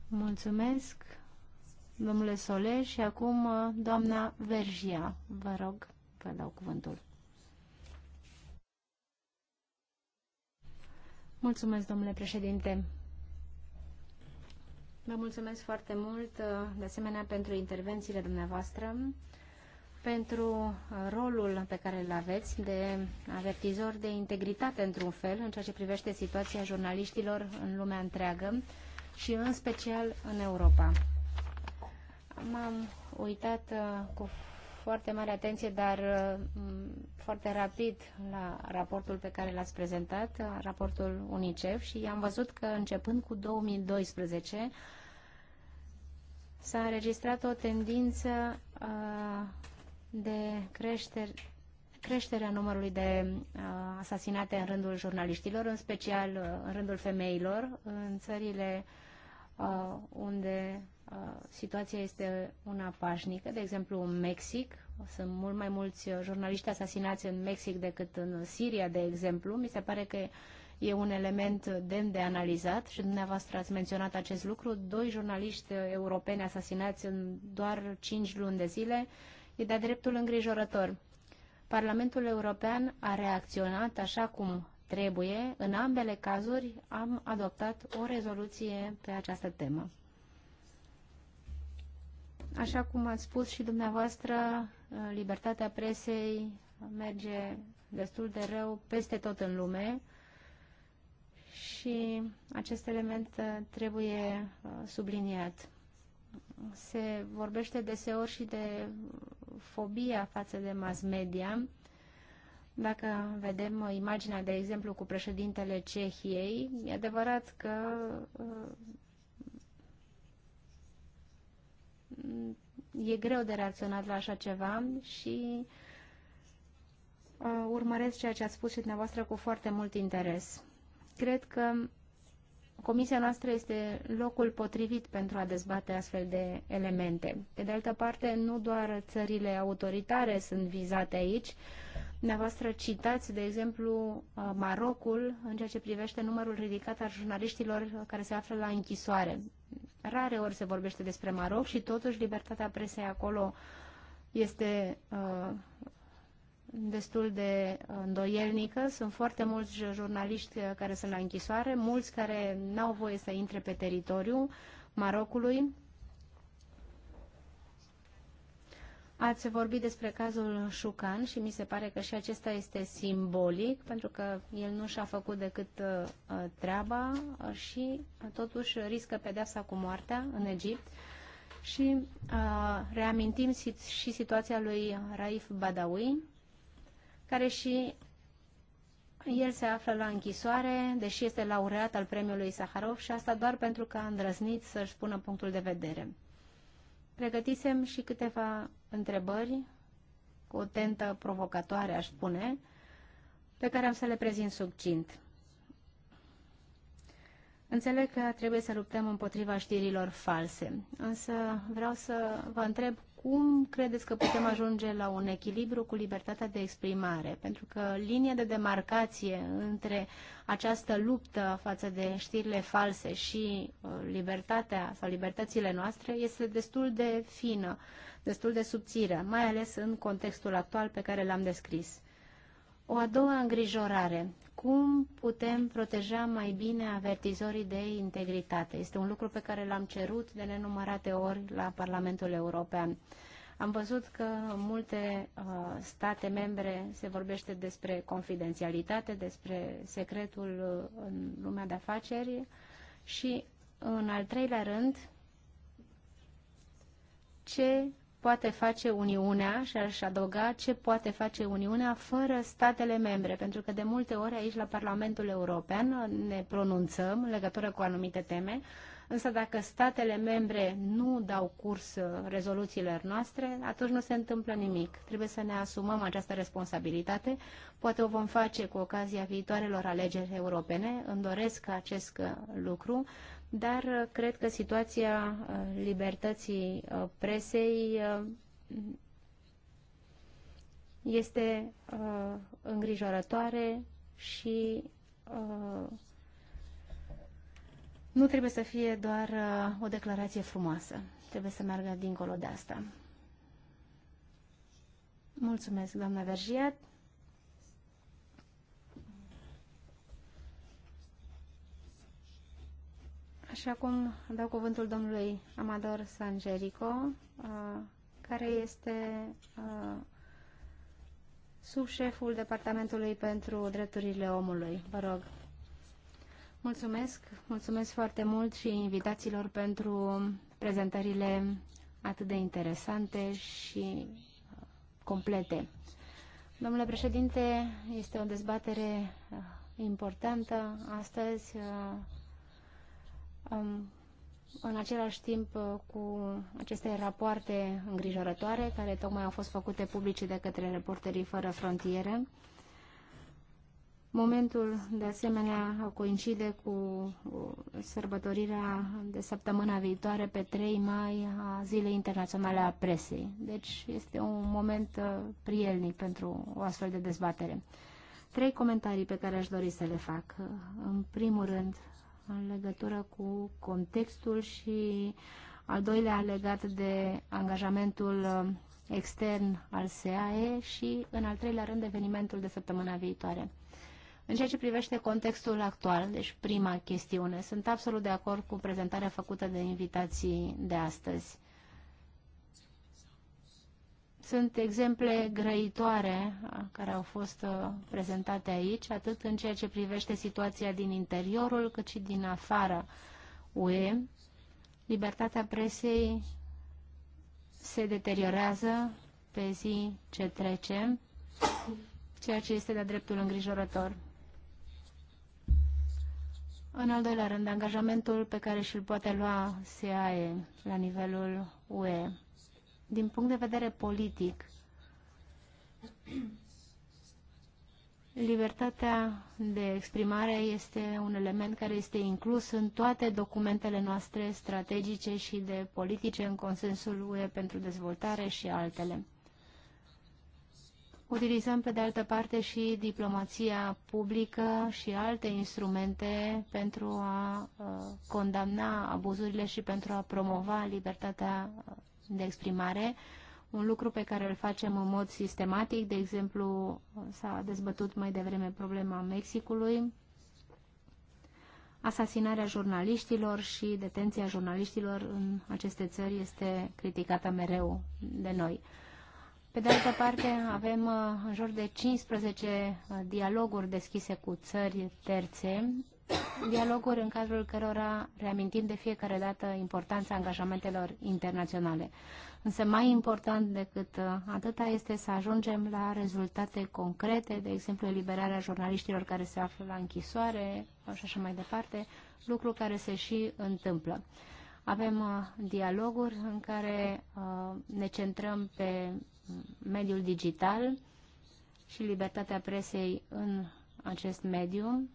Mulțumesc! domnule Soler și acum uh, doamna Vergia. Vă rog, vă dau cuvântul. Mulțumesc, domnule președinte. Vă mulțumesc foarte mult, uh, de asemenea, pentru intervențiile dumneavoastră, pentru uh, rolul pe care îl aveți de avertizor de integritate, într-un fel, în ceea ce privește situația jurnaliștilor în lumea întreagă și, în special, în Europa. M-am uitat uh, cu foarte mare atenție, dar uh, foarte rapid la raportul pe care l-ați prezentat, uh, raportul UNICEF, și am văzut că începând cu 2012 s-a înregistrat o tendință de creștere, creșterea numărului de asasinate în rândul jurnaliștilor, în special în rândul femeilor, în țările unde Uh, situația este una pașnică. De exemplu, în Mexic, sunt mult mai mulți jurnaliști asasinați în Mexic decât în Siria, de exemplu. Mi se pare că e un element demn de analizat și dumneavoastră ați menționat acest lucru. Doi jurnaliști europeni asasinați în doar cinci luni de zile e de-a dreptul îngrijorător. Parlamentul European a reacționat așa cum trebuie. În ambele cazuri am adoptat o rezoluție pe această temă. Așa cum ați spus și dumneavoastră, libertatea presei merge destul de rău peste tot în lume și acest element uh, trebuie uh, subliniat. Se vorbește deseori și de fobia față de mass media. Dacă vedem imaginea, de exemplu, cu președintele Cehiei, e adevărat că uh, e greu de reacționat la așa ceva și uh, urmăresc ceea ce ați spus și dumneavoastră cu foarte mult interes. Cred că Comisia noastră este locul potrivit pentru a dezbate astfel de elemente. Pe de altă parte, nu doar țările autoritare sunt vizate aici, Dumneavoastră citați, de exemplu, uh, Marocul în ceea ce privește numărul ridicat al jurnaliștilor care se află la închisoare. Rare ori se vorbește despre Maroc și totuși libertatea presei acolo este uh, destul de îndoielnică. Sunt foarte mulți jurnaliști care sunt la închisoare, mulți care n-au voie să intre pe teritoriul Marocului Ați vorbit despre cazul Șucan și mi se pare că și acesta este simbolic, pentru că el nu și-a făcut decât uh, treaba și uh, totuși riscă pedeapsa cu moartea în Egipt. Și uh, reamintim și situația lui Raif Badawi, care și el se află la închisoare, deși este laureat al premiului Saharov și asta doar pentru că a îndrăznit să-și spună punctul de vedere. Pregătisem și câteva întrebări cu o tentă provocatoare, aș spune, pe care am să le prezint succint. Înțeleg că trebuie să luptăm împotriva știrilor false, însă vreau să vă întreb cum credeți că putem ajunge la un echilibru cu libertatea de exprimare? Pentru că linia de demarcație între această luptă față de știrile false și uh, libertatea sau libertățile noastre este destul de fină, destul de subțire, mai ales în contextul actual pe care l-am descris. O a doua îngrijorare cum putem proteja mai bine avertizorii de integritate. Este un lucru pe care l-am cerut de nenumărate ori la Parlamentul European. Am văzut că în multe uh, state membre se vorbește despre confidențialitate, despre secretul uh, în lumea de afaceri și, în al treilea rând, ce poate face Uniunea și aș adăuga ce poate face Uniunea fără statele membre, pentru că de multe ori aici la Parlamentul European ne pronunțăm în legătură cu anumite teme, însă dacă statele membre nu dau curs uh, rezoluțiilor noastre, atunci nu se întâmplă nimic. Trebuie să ne asumăm această responsabilitate. Poate o vom face cu ocazia viitoarelor alegeri europene. Îmi doresc acest uh, lucru dar uh, cred că situația uh, libertății uh, presei este îngrijorătoare și nu trebuie să fie doar o declarație frumoasă. Trebuie să meargă dincolo de asta. Mulțumesc, doamna Vergiat. Și acum dau cuvântul domnului Amador Sangerico, uh, care este uh, subșeful Departamentului pentru Drepturile Omului. Vă rog. Mulțumesc, mulțumesc foarte mult și invitațiilor pentru prezentările atât de interesante și uh, complete. Domnule președinte, este o dezbatere importantă astăzi în același timp uh, cu aceste rapoarte îngrijorătoare care tocmai au fost făcute publice de către reporterii fără frontiere. Momentul, de asemenea, coincide cu uh, sărbătorirea de săptămâna viitoare, pe 3 mai, a Zilei Internaționale a Presei. Deci este un moment uh, prielnic pentru o astfel de dezbatere. Trei comentarii pe care aș dori să le fac. În primul rând, în legătură cu contextul și al doilea legat de angajamentul uh, extern al SAE și, în al treilea rând, evenimentul de săptămâna viitoare. În ceea ce privește contextul actual, deci prima chestiune, sunt absolut de acord cu prezentarea făcută de invitații de astăzi. Sunt exemple grăitoare uh, care au fost uh, prezentate aici, atât în ceea ce privește situația din interiorul, cât și din afara UE. Libertatea presei se deteriorează pe zi ce trece, ceea ce este de dreptul îngrijorător. În al doilea rând, angajamentul pe care și-l poate lua SEAE la nivelul UE din punct de vedere politic, Libertatea de exprimare este un element care este inclus în toate documentele noastre strategice și de politice în consensul UE pentru dezvoltare și altele. Utilizăm, pe de altă parte, și diplomația publică și alte instrumente pentru a uh, condamna abuzurile și pentru a promova libertatea uh, de exprimare, un lucru pe care îl facem în mod sistematic, de exemplu, s-a dezbătut mai devreme problema Mexicului, asasinarea jurnaliștilor și detenția jurnaliștilor în aceste țări este criticată mereu de noi. Pe de altă parte, avem uh, în jur de 15 uh, dialoguri deschise cu țări terțe dialoguri în cadrul cărora reamintim de fiecare dată importanța angajamentelor internaționale. Însă mai important decât uh, atâta este să ajungem la rezultate concrete, de exemplu eliberarea jurnaliștilor care se află la închisoare și așa mai departe, lucru care se și întâmplă. Avem uh, dialoguri în care uh, ne centrăm pe mediul digital și libertatea presei în acest mediu,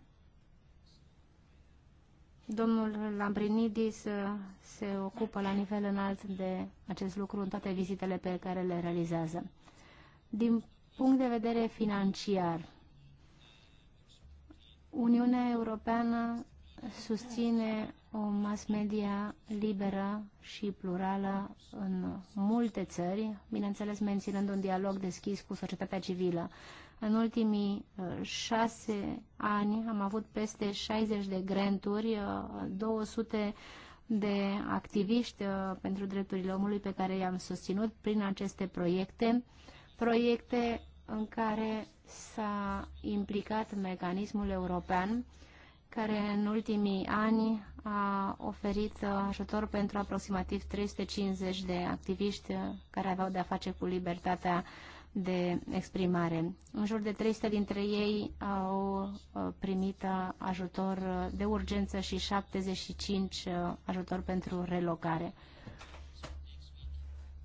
Domnul Lambrinidis uh, se ocupă la nivel înalt de acest lucru în toate vizitele pe care le realizează. Din punct de vedere financiar, Uniunea Europeană susține o mass media liberă și plurală în multe țări, bineînțeles menținând un dialog deschis cu societatea civilă. În ultimii uh, șase ani am avut peste 60 de granturi, 200 uh, de activiști uh, pentru drepturile omului pe care i-am susținut prin aceste proiecte, proiecte în care s-a implicat mecanismul european care în ultimii ani a oferit ajutor pentru aproximativ 350 de activiști care aveau de-a face cu libertatea de exprimare. În jur de 300 dintre ei au uh, primit uh, ajutor uh, de urgență și 75 ajutor pentru relocare.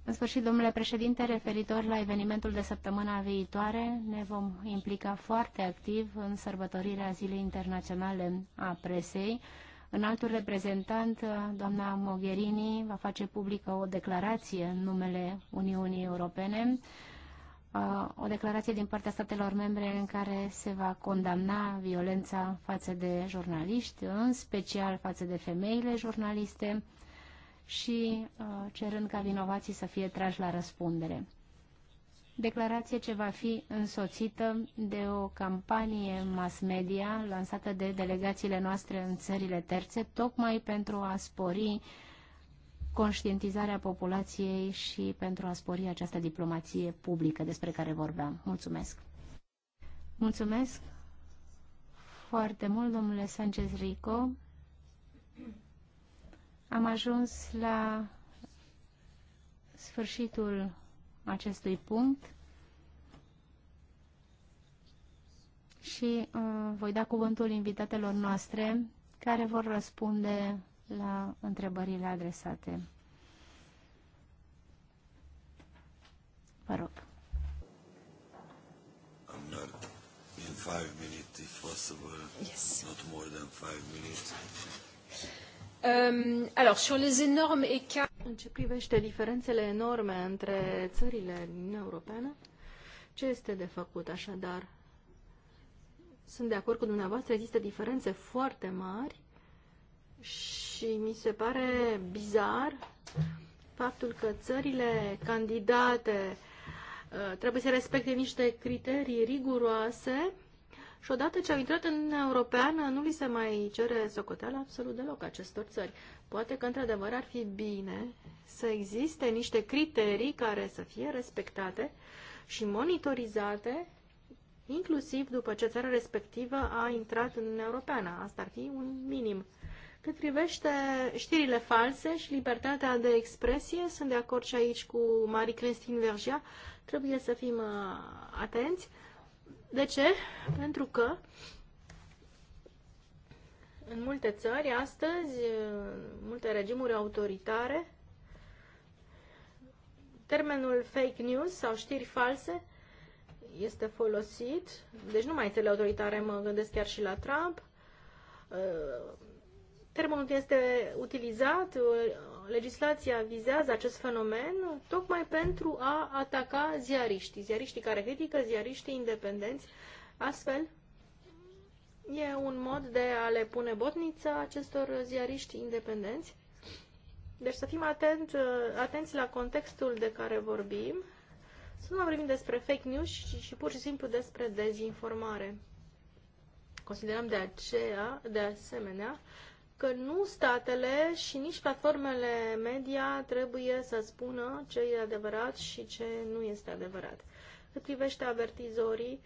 În sfârșit, domnule președinte, referitor la evenimentul de săptămâna viitoare, ne vom implica foarte activ în sărbătorirea Zilei Internaționale a Presei. În altul reprezentant, doamna Mogherini va face publică o declarație în numele Uniunii Europene o declarație din partea statelor membre în care se va condamna violența față de jurnaliști, în special față de femeile jurnaliste și cerând ca vinovații să fie trași la răspundere. Declarație ce va fi însoțită de o campanie mass media lansată de delegațiile noastre în țările terțe, tocmai pentru a spori uh, conștientizarea populației și pentru a spori această diplomație publică despre care vorbeam. Mulțumesc! Mulțumesc foarte mult, domnule Sanchez Rico. Am ajuns la sfârșitul acestui punct și uh, voi da cuvântul invitatelor noastre care vor răspunde la întrebările adresate. Vă rog. I'm not in five minutes, if possible. Yes. Not more than five minutes. Um, alors, sur les énormes écarts... În ce privește diferențele enorme între țările din Europeană, ce este de făcut așadar? Sunt de acord cu dumneavoastră, există diferențe foarte mari și mi se pare bizar faptul că țările candidate uh, trebuie să respecte niște criterii riguroase și odată ce au intrat în Uniunea Europeană, nu li se mai cere socoteală absolut deloc acestor țări. Poate că, într-adevăr, ar fi bine să existe niște criterii care să fie respectate și monitorizate, inclusiv după ce țara respectivă a intrat în Uniunea Europeană. Asta ar fi un minim. Cât privește știrile false și libertatea de expresie, sunt de acord și aici cu Marie-Christine Vergia, trebuie să fim uh, atenți. De ce? Pentru că în multe țări, astăzi, uh, multe regimuri autoritare, termenul fake news sau știri false este folosit, deci nu mai țările autoritare, mă gândesc chiar și la Trump, uh, termenul este utilizat, uh, legislația vizează acest fenomen tocmai pentru a ataca ziariștii, ziariștii care critică, ziariștii independenți. Astfel, e un mod de a le pune botnița acestor ziariști independenți. Deci să fim atent, uh, atenți la contextul de care vorbim, să nu vorbim despre fake news și, și pur și simplu despre dezinformare. Considerăm de aceea, de asemenea, că nu statele și nici platformele media trebuie să spună ce e adevărat și ce nu este adevărat. Cât privește avertizorii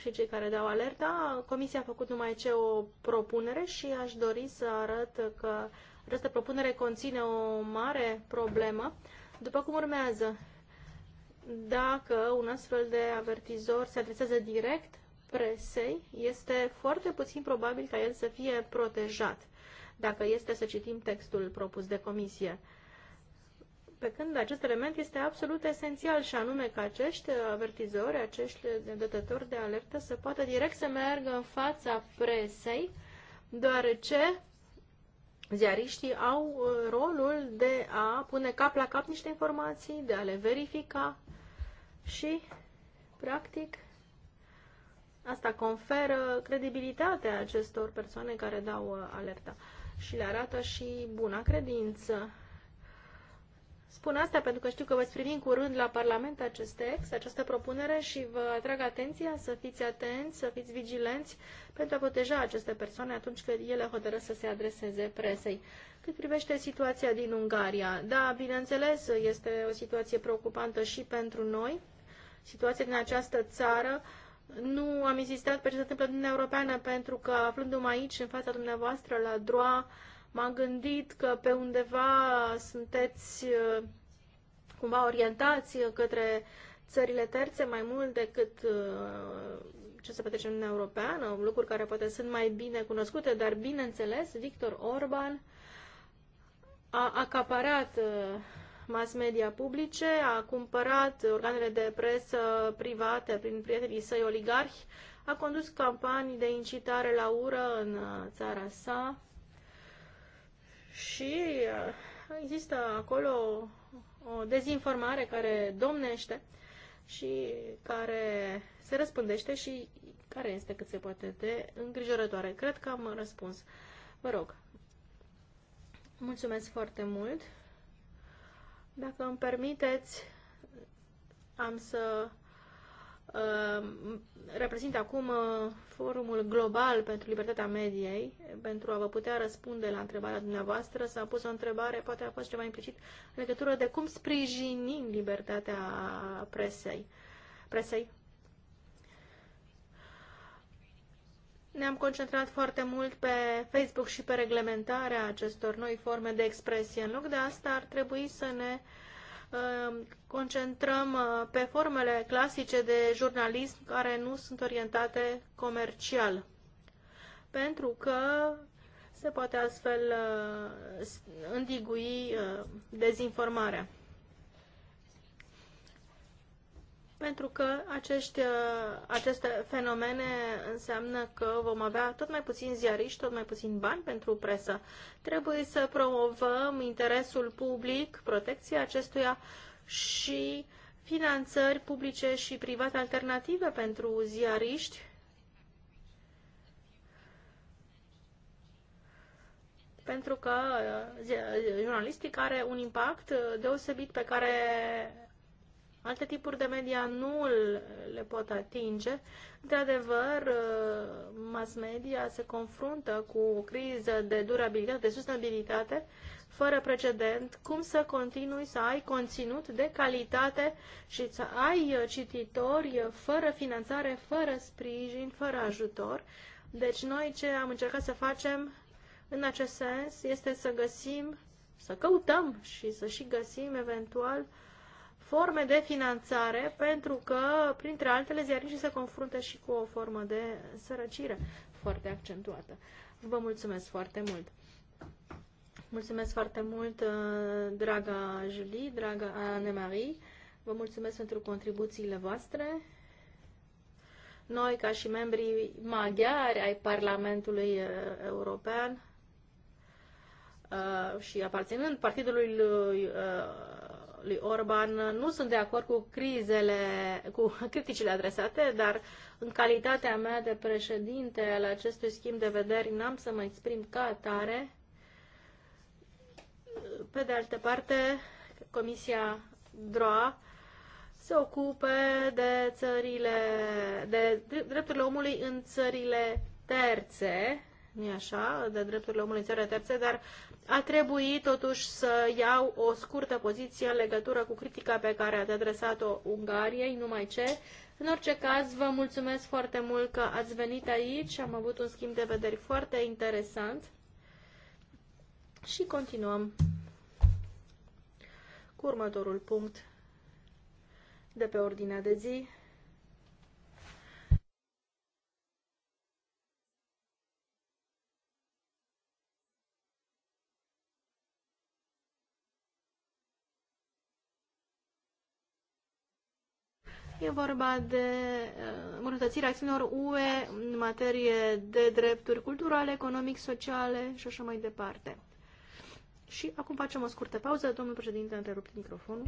și cei care dau alerta, Comisia a făcut numai ce o propunere și aș dori să arăt că această propunere conține o mare problemă. După cum urmează, dacă un astfel de avertizor se adresează direct presei, este foarte puțin probabil ca el să fie protejat, dacă este să citim textul propus de comisie. Pe când acest element este absolut esențial și anume că acești avertizori, acești dătători de alertă să poată direct să meargă în fața presei, deoarece ziariștii au uh, rolul de a pune cap la cap niște informații, de a le verifica și, practic, Asta conferă credibilitatea acestor persoane care dau uh, alerta și le arată și buna credință. Spun asta pentru că știu că veți privi în curând la Parlament acest text, această propunere și vă atrag atenția să fiți atenți, să fiți vigilenți pentru a proteja aceste persoane atunci când ele hotărăsc să se adreseze presei. Cât privește situația din Ungaria, da, bineînțeles, este o situație preocupantă și pentru noi, situația din această țară, uh, nu am insistat pe ce se întâmplă în Uniunea Europeană pentru că, aflându-mă aici, în fața dumneavoastră, la DROA, m-am gândit că pe undeva sunteți uh, cumva orientați către țările terțe mai mult decât uh, ce se petrece în Uniunea Europeană, lucruri care poate sunt mai bine cunoscute, dar bineînțeles, Victor Orban a acaparat uh, mass media publice, a cumpărat organele de presă private prin prietenii săi oligarhi, a condus campanii de incitare la ură în uh, țara sa și uh, există acolo o dezinformare care domnește și care se răspândește și care este cât se poate de îngrijorătoare. Cred că am răspuns. Vă rog. Mulțumesc foarte mult. Dacă îmi permiteți, am să uh, reprezint acum uh, Forumul Global pentru Libertatea Mediei, pentru a vă putea răspunde la întrebarea dumneavoastră. S-a pus o întrebare, poate a fost ceva implicit, în legătură de cum sprijinim libertatea presei. presei. Ne-am concentrat foarte mult pe Facebook și pe reglementarea acestor noi forme de expresie. În loc de asta ar trebui să ne uh, concentrăm uh, pe formele clasice de jurnalism care nu sunt orientate comercial. Pentru că se poate astfel uh, îndigui dezinformarea. pentru că acești, uh, aceste fenomene înseamnă că vom avea tot mai puțin ziariști, tot mai puțin bani pentru presă. Trebuie să promovăm interesul public, protecția acestuia și finanțări publice și private alternative pentru ziariști. Pentru că uh, jurnalistica are un impact uh, deosebit pe care Alte tipuri de media nu le pot atinge. Într-adevăr, uh, mass media se confruntă cu o criză de durabilitate, de sustenabilitate, fără precedent, cum să continui să ai conținut de calitate și să ai uh, cititori uh, fără finanțare, fără sprijin, fără ajutor. Deci noi ce am încercat să facem în acest sens este să găsim, să căutăm și să și găsim eventual uh, forme de finanțare, pentru că, printre altele, ziariștii se confruntă și cu o formă de sărăcire foarte accentuată. Vă mulțumesc foarte mult! Mulțumesc foarte mult, uh, draga Julie, draga Anne-Marie. Vă mulțumesc pentru contribuțiile voastre. Noi, ca și membrii maghiari ai Parlamentului uh, European uh, și aparținând Partidului lui Orban nu sunt de acord cu crizele, cu criticile adresate, dar în calitatea mea de președinte al acestui schimb de vederi n-am să mă exprim ca atare. Pe de altă parte, Comisia DROA se ocupe de țările, de drepturile omului în țările terțe, nu așa, de drepturile omului în țările terțe, dar a trebuit totuși să iau o scurtă poziție în legătură cu critica pe care a adresat-o Ungariei, numai ce. În orice caz, vă mulțumesc foarte mult că ați venit aici, am avut un schimb de vederi foarte interesant și continuăm cu următorul punct de pe ordinea de zi. E vorba de uh, îmbunătățirea acțiunilor UE în materie de drepturi culturale, economic, sociale și așa mai departe. Și acum facem o scurtă pauză. Domnul președinte, întrerupt microfonul.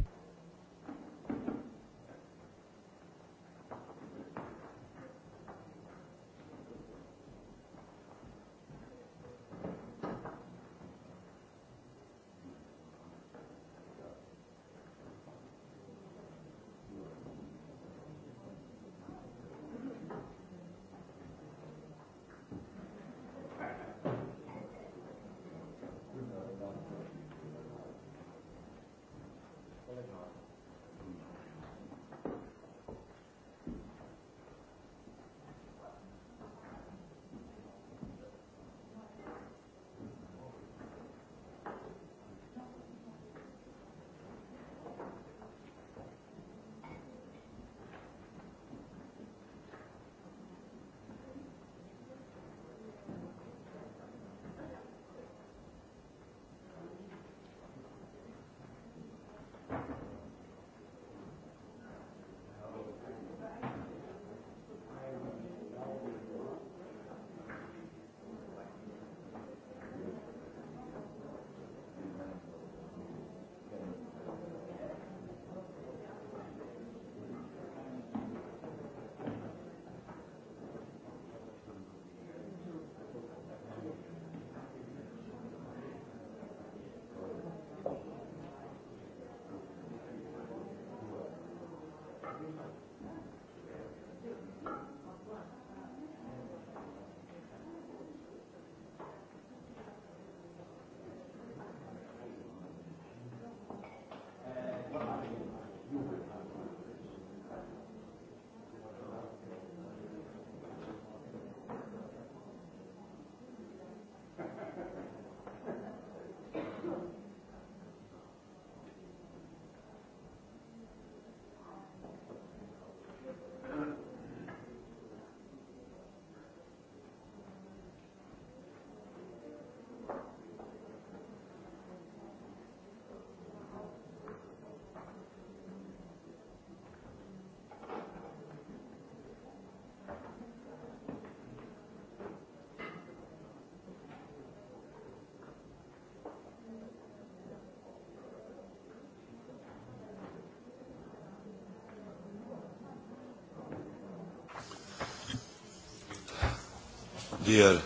Dear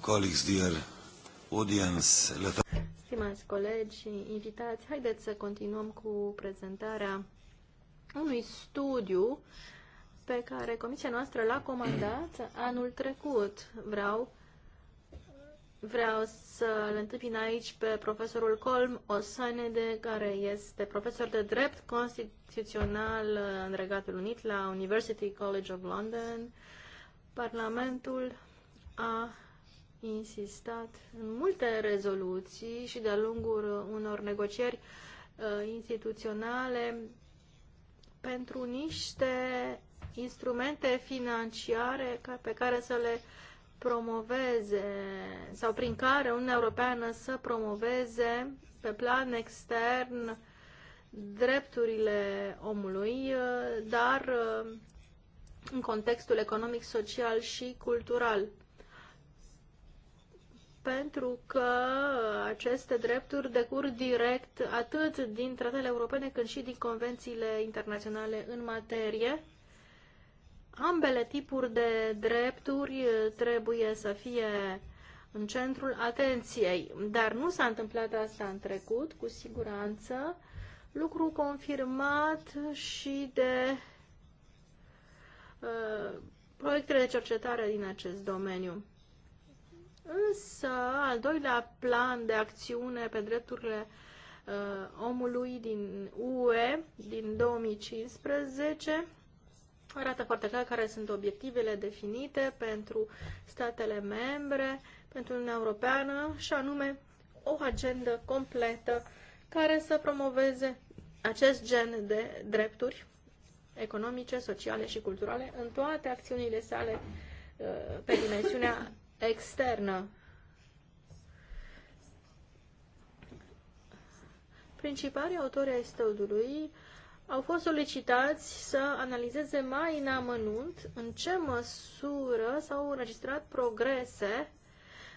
colleagues, dear audience, let Stimați colegi și invitați, haideți să continuăm cu prezentarea unui studiu pe care comisia noastră l-a comandat anul trecut. Vreau Vreau să îl întâmpin aici pe profesorul Colm Osanede, care este profesor de drept constituțional în Regatul Unit la University College of London. Parlamentul a insistat în multe rezoluții și de-a lungul unor negocieri uh, instituționale pentru niște instrumente financiare pe care să le uh, promoveze sau prin care Uniunea Europeană să promoveze pe plan extern drepturile omului, dar uh, în contextul economic, social și cultural. Pentru că aceste drepturi decur direct atât din tratele europene cât și din convențiile internaționale în materie Ambele tipuri de drepturi eh, trebuie să fie în centrul atenției, dar nu s-a întâmplat asta în trecut, cu siguranță, lucru confirmat și de uh, proiectele de cercetare din acest domeniu. Însă, al doilea plan de acțiune pe drepturile uh, omului din UE din 2015 arată foarte clar care sunt obiectivele definite pentru statele membre, pentru Uniunea Europeană și anume o agendă completă care să promoveze acest gen de drepturi economice, sociale și culturale în toate acțiunile sale uh, pe dimensiunea externă. Principalii autori ai studiului au fost solicitați să analizeze mai în amănunt în ce măsură s-au înregistrat progrese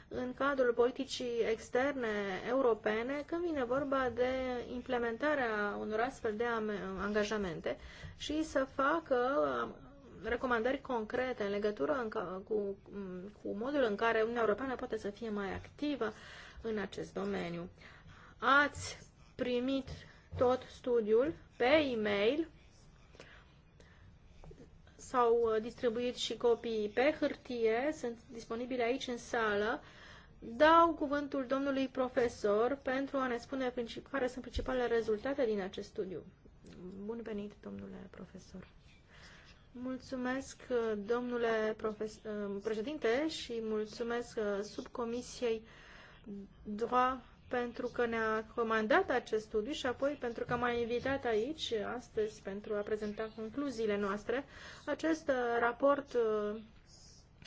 în cadrul politicii externe europene când vine vorba de implementarea unor astfel de angajamente și să facă um, recomandări concrete în legătură cu, cu modul în care Uniunea Europeană poate să fie mai activă în acest domeniu. Ați primit tot studiul pe e-mail, s-au uh, distribuit și copiii pe hârtie, sunt disponibile aici în sală. Dau cuvântul domnului profesor pentru a ne spune care sunt principalele rezultate din acest studiu. Bun venit, domnule profesor! Mulțumesc, uh, domnule uh, președinte, și mulțumesc subcomisiei DROA pentru că ne-a comandat acest studiu și apoi pentru că m-a invitat aici astăzi pentru a prezenta concluziile noastre. Acest uh, raport uh,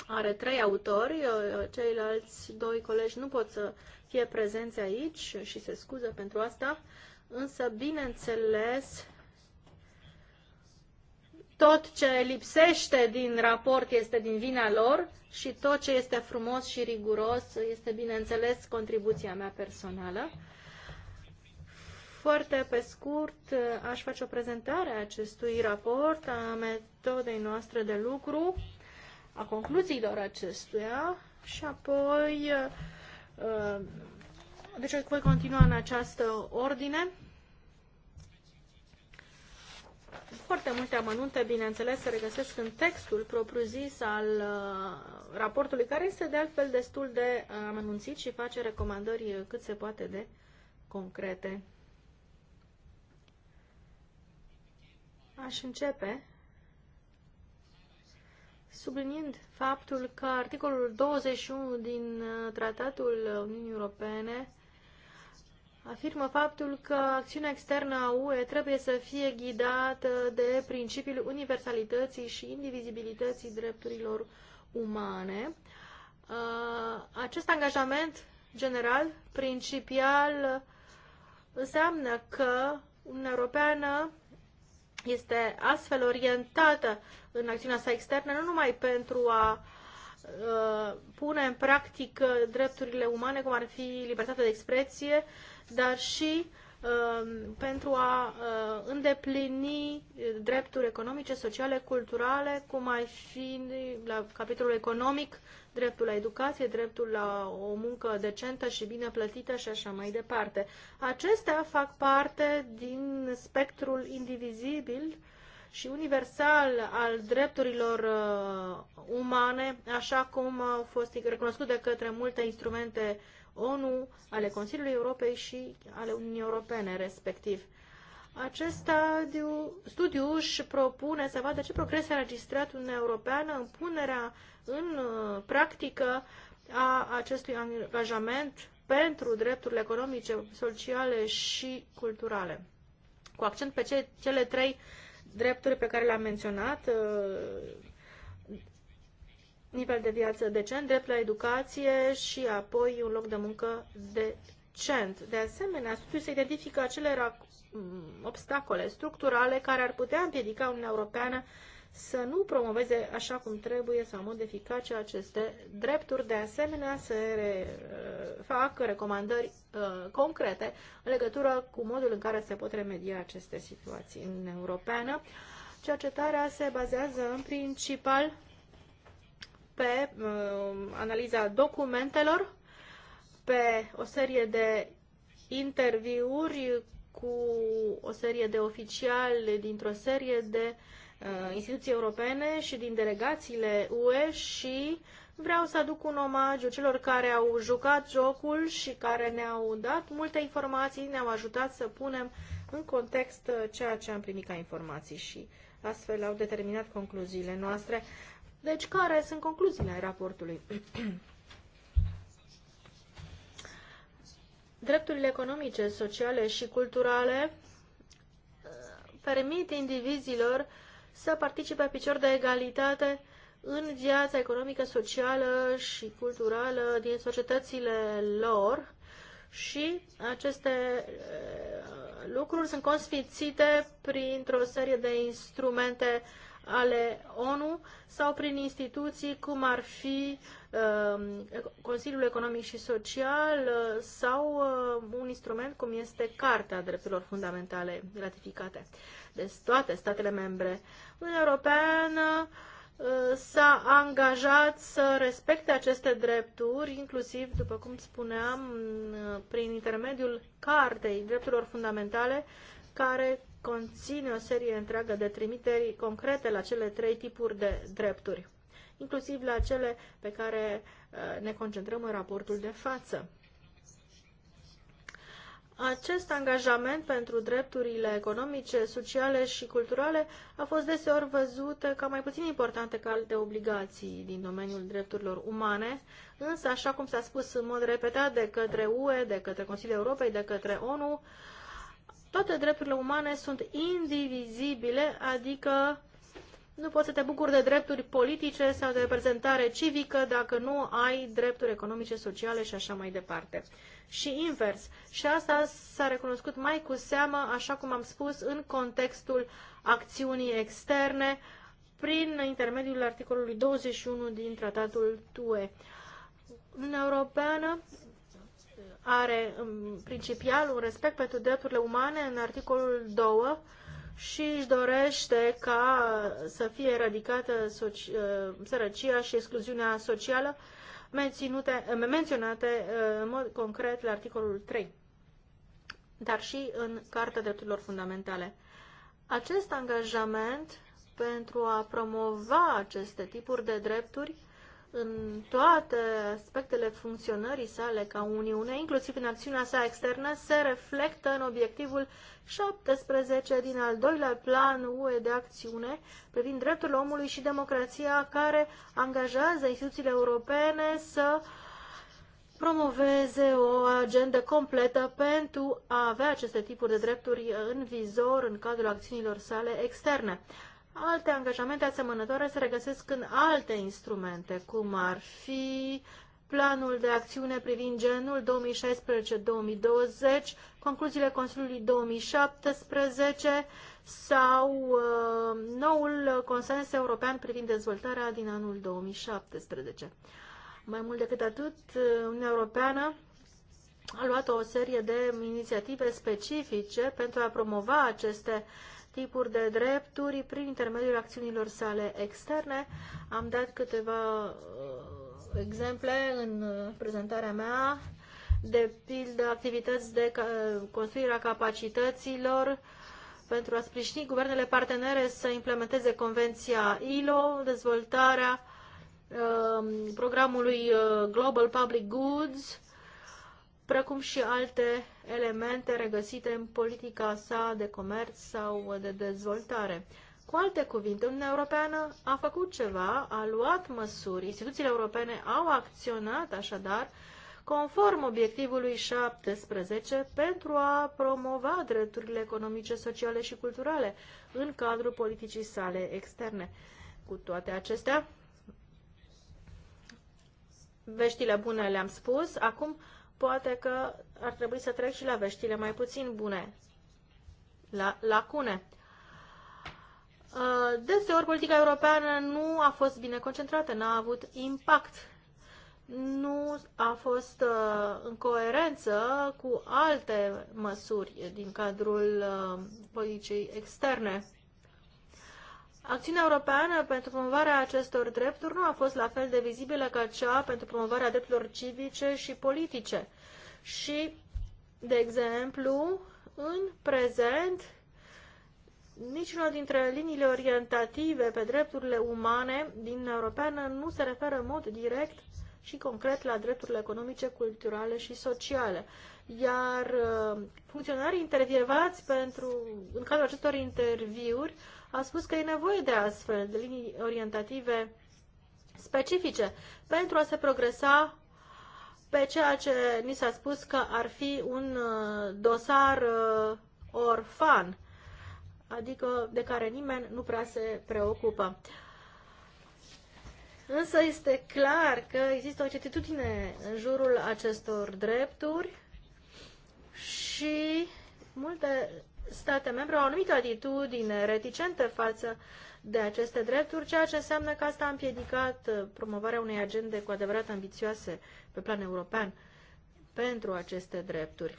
are trei autori, uh, ceilalți doi colegi nu pot să fie prezenți aici și se scuză pentru asta, însă, bineînțeles, tot ce lipsește din raport este din vina lor și tot ce este frumos și riguros este, bineînțeles, contribuția mea personală. Foarte pe scurt, aș face o prezentare a acestui raport, a metodei noastre de lucru, a concluziilor acestuia și apoi, uh, deci voi continua în această ordine. Foarte multe amănunte, bineînțeles, se regăsesc în textul propriu-zis al uh, raportului, care este de altfel destul de uh, amănunțit și face recomandări uh, cât se poate de concrete. Aș începe subliniind faptul că articolul 21 din Tratatul Uniunii Europene afirmă faptul că acțiunea externă a UE trebuie să fie ghidată de principiul universalității și indivizibilității drepturilor umane. Uh, acest angajament general, principial, înseamnă că Uniunea Europeană este astfel orientată în acțiunea sa externă, nu numai pentru a uh, pune în practică drepturile umane, cum ar fi libertatea de expresie, dar și uh, pentru a uh, îndeplini uh, drepturi economice, sociale, culturale, cum ai fi la capitolul economic, dreptul la educație, dreptul la o muncă decentă și bine plătită și așa mai departe. Acestea fac parte din spectrul indivizibil și universal al drepturilor uh, umane, așa cum au fost recunoscute de către multe instrumente ONU, ale Consiliului Europei și ale Uniunii Europene, respectiv. Acest stadiu, studiu își propune să vadă ce progrese a registrat Uniunea Europeană în punerea în uh, practică a acestui angajament pentru drepturile economice, sociale și culturale. Cu accent pe cele trei drepturi pe care le-am menționat, uh, nivel de viață decent, drept la educație și apoi un loc de muncă decent. De asemenea, studiul se identifică acele mm, obstacole structurale care ar putea împiedica Uniunea Europeană să nu promoveze așa cum trebuie sau în mod eficace aceste drepturi. De asemenea, se re, uh, fac recomandări uh, concrete în legătură cu modul în care se pot remedia aceste situații în Europeană. Cercetarea se bazează în principal pe uh, analiza documentelor, pe o serie de interviuri cu o serie de oficiali dintr-o serie de uh, instituții europene și din delegațiile UE și vreau să aduc un omagiu celor care au jucat jocul și care ne-au dat multe informații, ne-au ajutat să punem în context uh, ceea ce am primit ca informații și astfel au determinat concluziile noastre. Deci, care sunt concluziile raportului? Drepturile economice, sociale și culturale uh, permit indivizilor să participe pe picior de egalitate în viața economică, socială și culturală din societățile lor și aceste uh, lucruri sunt consfințite printr-o serie de instrumente uh, ale ONU sau prin instituții cum ar fi um, Consiliul Economic și Social uh, sau uh, un instrument cum este Carta Drepturilor Fundamentale ratificate de deci, toate statele membre. Uniunea Europeană uh, s-a angajat să respecte aceste drepturi, inclusiv, după cum spuneam, prin intermediul Cartei Drepturilor Fundamentale, care conține o serie întreagă de trimiteri concrete la cele trei tipuri de drepturi, inclusiv la cele pe care uh, ne concentrăm în raportul de față. Acest angajament pentru drepturile economice, sociale și culturale a fost deseori văzut ca mai puțin importante ca alte obligații din domeniul drepturilor umane, însă, așa cum s-a spus în mod repetat de către UE, de către Consiliul Europei, de către ONU, uh, toate drepturile umane sunt indivizibile, adică nu poți să te bucuri de drepturi politice sau de reprezentare civică dacă nu ai drepturi economice, sociale și așa mai departe. Și invers. Și asta s-a recunoscut mai cu seamă, așa cum am spus, în contextul acțiunii externe prin intermediul articolului 21 din tratatul TUE. Uniunea Europeană are în principial un respect pentru drepturile umane în articolul 2 și își dorește ca să fie eradicată ă, sărăcia și excluziunea socială menținute, ă, menționate ă, în mod concret la articolul 3, dar și în Carta Drepturilor Fundamentale. Acest angajament pentru a promova aceste tipuri de drepturi în toate aspectele funcționării sale ca Uniune, inclusiv în acțiunea sa externă, se reflectă în obiectivul 17 din al doilea plan UE de acțiune privind dreptul omului și democrația care angajează instituțiile europene să promoveze o agendă completă pentru a avea aceste tipuri de drepturi în vizor în cadrul acțiunilor sale externe. Alte angajamente asemănătoare se regăsesc în alte instrumente, cum ar fi planul de acțiune privind genul 2016-2020, concluziile Consiliului 2017 sau uh, noul consens european privind dezvoltarea din anul 2017. Mai mult decât atât, Uniunea Europeană a luat o serie de inițiative specifice pentru a promova aceste uh, tipuri de drepturi prin intermediul acțiunilor sale externe. Am dat câteva uh, exemple în uh, prezentarea mea, de pildă activități de uh, construirea capacităților pentru a sprijini guvernele partenere să implementeze Convenția ILO, dezvoltarea programului Global Public Goods, precum și alte elemente regăsite în politica sa de comerț sau de dezvoltare. Cu alte cuvinte, Uniunea Europeană a făcut ceva, a luat măsuri, instituțiile europene au acționat așadar conform obiectivului 17 pentru a promova drepturile economice, sociale și culturale în cadrul politicii sale externe. Cu toate acestea, veștile bune le-am spus, acum poate că ar trebui să trec și la veștile mai puțin bune, la lacune. Uh, deseori politica europeană nu a fost bine concentrată, n-a avut impact, nu a fost uh, în coerență cu alte măsuri din cadrul uh, politicii externe. Acțiunea europeană pentru promovarea acestor drepturi nu a fost la fel de vizibilă ca cea pentru promovarea drepturilor civice și politice. Și, de exemplu, în prezent, niciuna dintre liniile orientative pe drepturile umane din Europeană nu se referă în mod direct și concret la drepturile economice, culturale și sociale. Iar uh, funcționarii intervievați pentru, în cadrul acestor interviuri a spus că e nevoie de astfel de linii orientative specifice pentru a se progresa pe ceea ce ni s-a spus că ar fi un uh, dosar uh, orfan, adică de care nimeni nu prea se preocupă. Însă este clar că există o certitudine în jurul acestor drepturi și Multe state membre au anumită atitudine reticentă față de aceste drepturi, ceea ce înseamnă că asta a împiedicat uh, promovarea unei agende cu adevărat ambițioase pe plan european pentru aceste drepturi.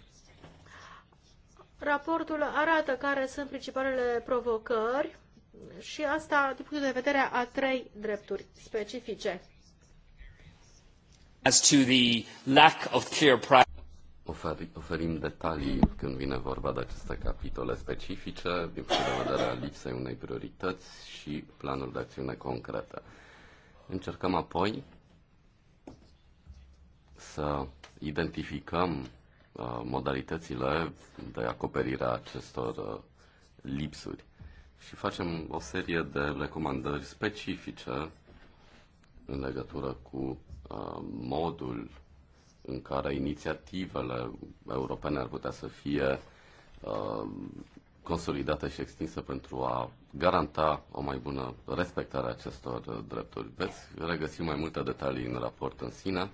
Raportul arată care sunt principalele provocări și asta din punctul de vedere a trei drepturi specifice. As to the lack of clear oferi, oferim detalii când vine vorba de aceste capitole specifice, din punct de vedere a lipsei unei priorități și planul de acțiune concretă. Încercăm apoi să identificăm uh, modalitățile de acoperire a acestor uh, lipsuri și facem o serie de recomandări specifice în legătură cu uh, modul în care inițiativele europene ar putea să fie uh, consolidată și extinsă pentru a garanta o mai bună respectare a acestor drepturi. Veți regăsi mai multe detalii în raport în sine,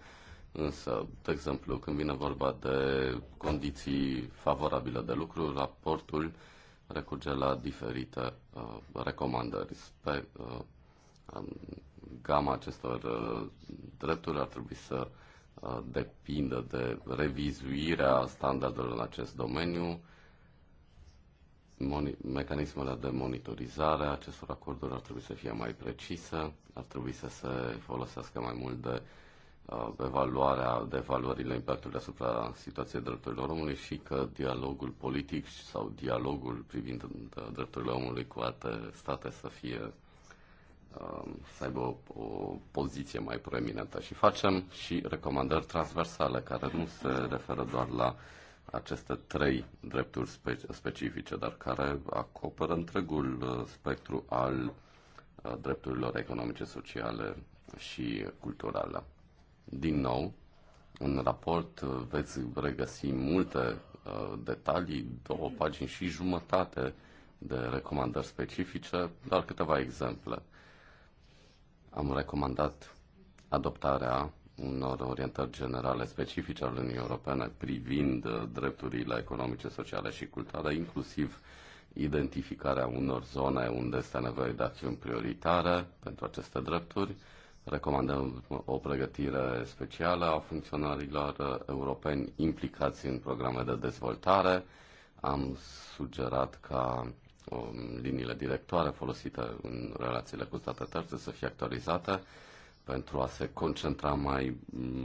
însă, de exemplu, când vine vorba de condiții favorabile de lucru, raportul recurge la diferite uh, recomandări. Pe uh, gama acestor uh, drepturi ar trebui să uh, depindă de revizuirea standardelor în acest domeniu, mecanismele de monitorizare a acestor acorduri ar trebui să fie mai precise, ar trebui să se folosească mai mult de uh, evaluarea, de evaluările impactului asupra situației drepturilor omului și că dialogul politic sau dialogul privind uh, drepturile omului cu alte state să fie Um, să aibă o, o poziție mai proeminentă și facem și recomandări transversale care nu se referă doar la aceste trei drepturi spe- specifice, dar care acoperă întregul uh, spectru al uh, drepturilor economice, sociale și culturale. Din nou, în raport uh, veți regăsi multe detalii, două pagini și jumătate de recomandări specifice, dar câteva exemple am recomandat adoptarea unor orientări generale specifice ale Uniunii Europene privind uh, drepturile economice, sociale și culturale, inclusiv identificarea unor zone unde este nevoie de acțiuni prioritare pentru aceste drepturi. Recomandăm o pregătire specială a funcționarilor uh, europeni implicați în programe de dezvoltare. Am sugerat ca liniile directoare folosite în relațiile cu state terțe să fie actualizate pentru a se concentra mai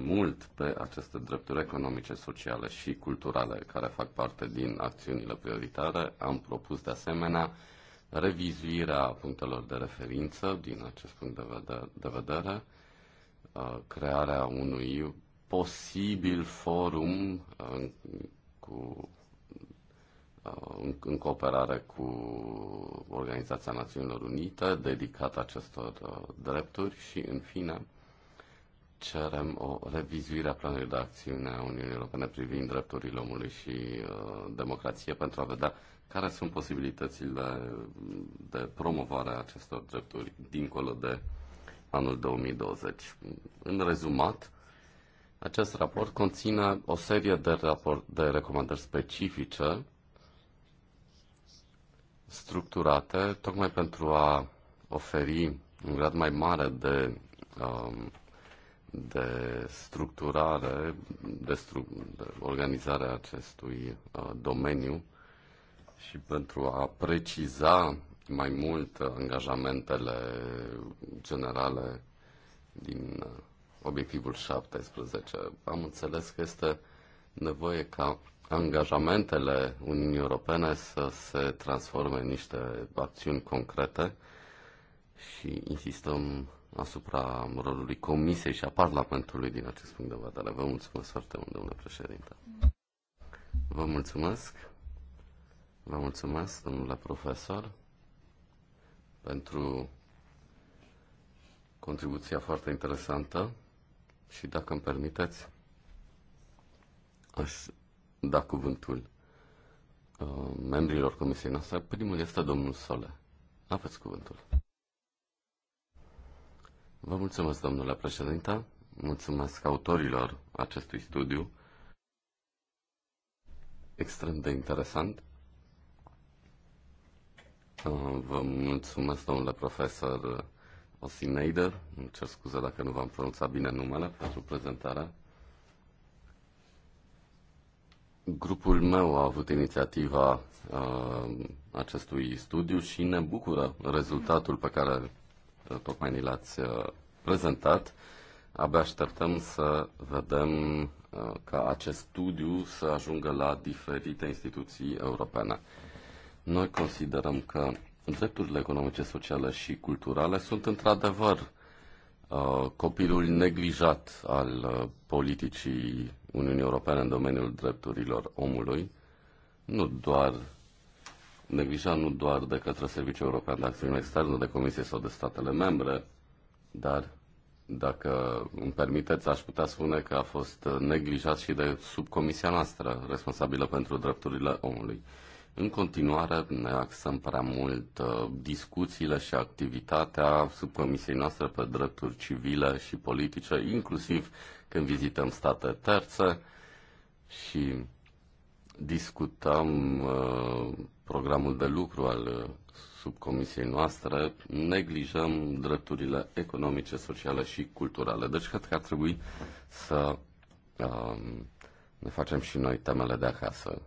mult pe aceste drepturi economice, sociale și culturale care fac parte din acțiunile prioritare. Am propus de asemenea revizuirea punctelor de referință din acest punct de vedere, de vedere crearea unui posibil forum cu Uh, în cooperare cu Organizația Națiunilor Unite dedicată acestor uh, drepturi și, în fine, cerem o revizuire a planului de acțiune a Uniunii Europene privind drepturile omului și uh, democrație pentru a vedea care sunt posibilitățile de promovare a acestor drepturi dincolo de anul 2020. În rezumat, acest raport conține o serie de, raport, de recomandări specifice structurate tocmai pentru a oferi un grad mai mare de, um, de structurare, de, stru, de organizare a acestui uh, domeniu și pentru a preciza mai mult angajamentele generale din uh, obiectivul 17. Am înțeles că este nevoie ca angajamentele Uniunii Europene să se transforme în niște acțiuni concrete și insistăm asupra rolului Comisiei și a Parlamentului din acest punct de vedere. Vă mulțumesc foarte mult, domnule președinte. Vă mulțumesc. Vă mulțumesc, domnule profesor, pentru contribuția foarte interesantă și, dacă îmi permiteți, aș da cuvântul uh, membrilor comisiei noastre. Primul este domnul Sole. Aveți cuvântul. Vă mulțumesc, domnule președinte. Mulțumesc autorilor acestui studiu. Extrem de interesant. Uh, vă mulțumesc, domnule profesor Osineider. Îmi cer scuze dacă nu v-am pronunțat bine numele pentru prezentarea Grupul meu a avut inițiativa uh, acestui studiu și ne bucură rezultatul pe care uh, tocmai ni l-ați uh, prezentat. Abia așteptăm să vedem uh, ca acest studiu să ajungă la diferite instituții europene. Noi considerăm că drepturile economice, sociale și culturale sunt într-adevăr uh, copilul neglijat al uh, politicii Uniunii Europene în domeniul drepturilor omului, nu doar neglijat nu doar de către Serviciul European de Acțiune Externă, de Comisie sau de statele membre, dar, dacă îmi permiteți, aș putea spune că a fost neglijat și de subcomisia noastră responsabilă pentru drepturile omului. În continuare, ne axăm prea mult uh, discuțiile și activitatea subcomisiei noastre pe drepturi civile și politice, inclusiv când vizităm state terță și discutăm uh, programul de lucru al uh, subcomisiei noastre, neglijăm drepturile economice, sociale și culturale. Deci cred că ar trebui să uh, ne facem și noi temele de acasă.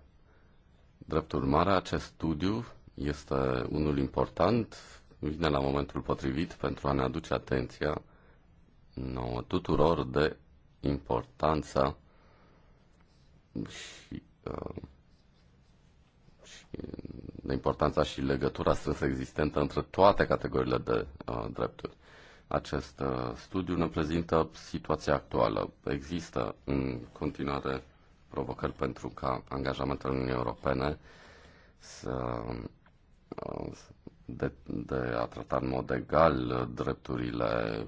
Drept urmare, acest studiu este unul important, vine la momentul potrivit pentru a ne aduce atenția nouă tuturor de importanța și, uh, și de importanța și legătura strânsă existentă între toate categoriile de uh, drepturi. Acest uh, studiu ne prezintă situația actuală. Există în continuare provocări pentru ca angajamentele Uniunii Europene să, uh, de, de a trata în mod egal drepturile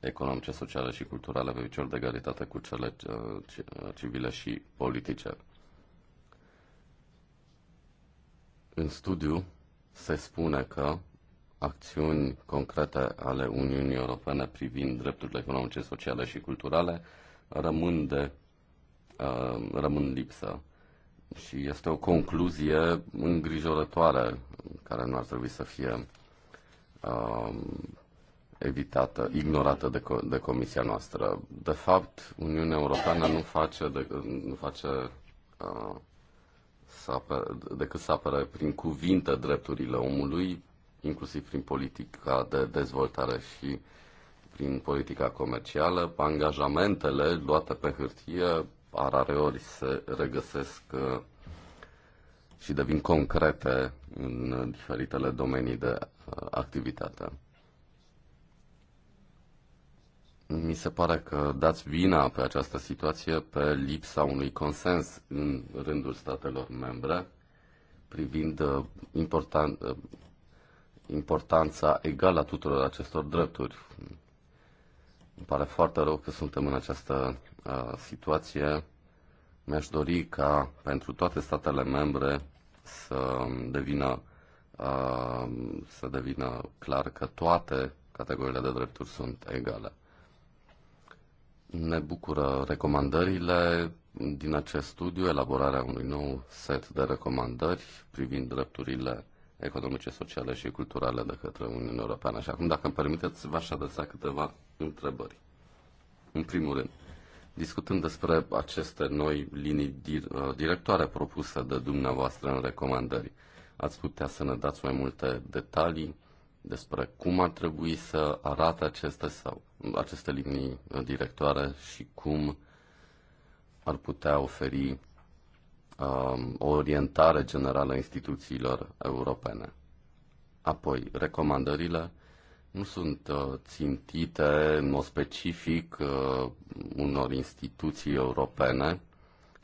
economice, sociale și culturale pe picior de egalitate cu cele uh, uh, civile și politice. În studiu se spune că acțiuni concrete ale Uniunii Europene privind drepturile economice, sociale și culturale rămân, de, uh, rămân lipsă. Și este o concluzie îngrijorătoare care nu ar trebui să fie evitată, ignorată de, co- de comisia noastră. De fapt, Uniunea Europeană nu face, de, nu face uh, să apere, decât să apere prin cuvinte drepturile omului, inclusiv prin politica de dezvoltare și prin politica comercială, angajamentele luate pe hârtie arareori se regăsesc uh, și devin concrete în diferitele domenii de uh, activitate mi se pare că dați vina pe această situație pe lipsa unui consens în rândul statelor membre privind uh, importan- uh, importanța egală a tuturor acestor drepturi. Îmi pare foarte rău că suntem în această a, uh, situație. Mi-aș dori ca pentru toate statele membre să devină, a, să devină clar că toate categoriile de drepturi sunt egale. Ne bucură recomandările din acest studiu, elaborarea unui nou set de recomandări privind drepturile economice, sociale și culturale de către Uniunea Europeană. Și acum, dacă îmi permiteți, v-aș adresa câteva întrebări. În primul rând, discutând despre aceste noi linii uh, directoare propuse de dumneavoastră în recomandări, ați putea să ne dați mai multe detalii despre cum ar trebui să arate aceste, sau, aceste linii directoare și cum ar putea oferi um, o orientare generală a instituțiilor europene. Apoi, recomandările nu sunt uh, țintite în mod specific uh, unor instituții europene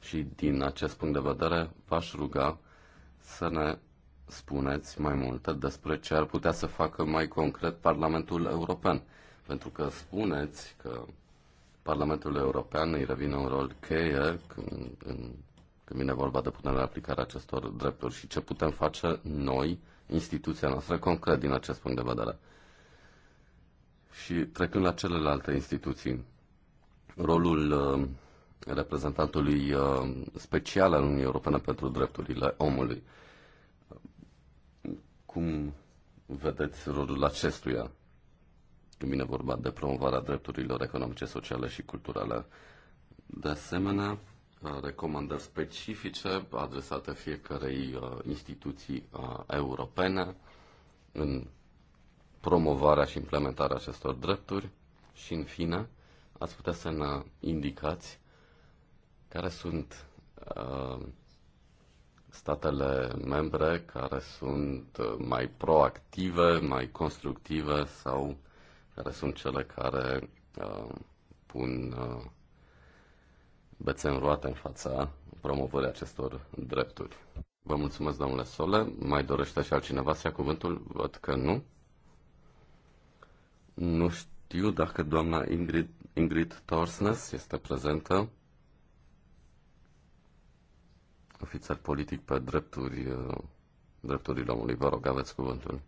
și din acest punct de vedere v-aș ruga să ne spuneți mai multe despre ce ar putea să facă mai concret Parlamentul European. Pentru că spuneți că Parlamentul European îi revine un rol cheie când, în, când vine vorba de punerea în aplicare acestor drepturi și ce putem face noi, instituția noastră, concret din acest punct de vedere. Și trecând la celelalte instituții, rolul uh, reprezentantului uh, special al Uniunii Europene pentru drepturile omului. Uh, cum vedeți rolul acestuia Cu mine vorba de promovarea drepturilor economice, sociale și culturale? De asemenea, recomandări specifice adresate fiecarei uh, instituții uh, europene în promovarea și implementarea acestor drepturi și, în fine, ați putea să ne indicați care sunt uh, statele membre care sunt mai proactive, mai constructive sau care sunt cele care uh, pun uh, bețe în roate în fața promovării acestor drepturi. Vă mulțumesc, domnule Sole. Mai dorește și altcineva să ia cuvântul? Văd că nu. Nu știu dacă doamna Ingrid, Ingrid Torsnes este prezentă ofițer politic pe drepturi, uh, drepturile omului. Vă rog, aveți cuvântul.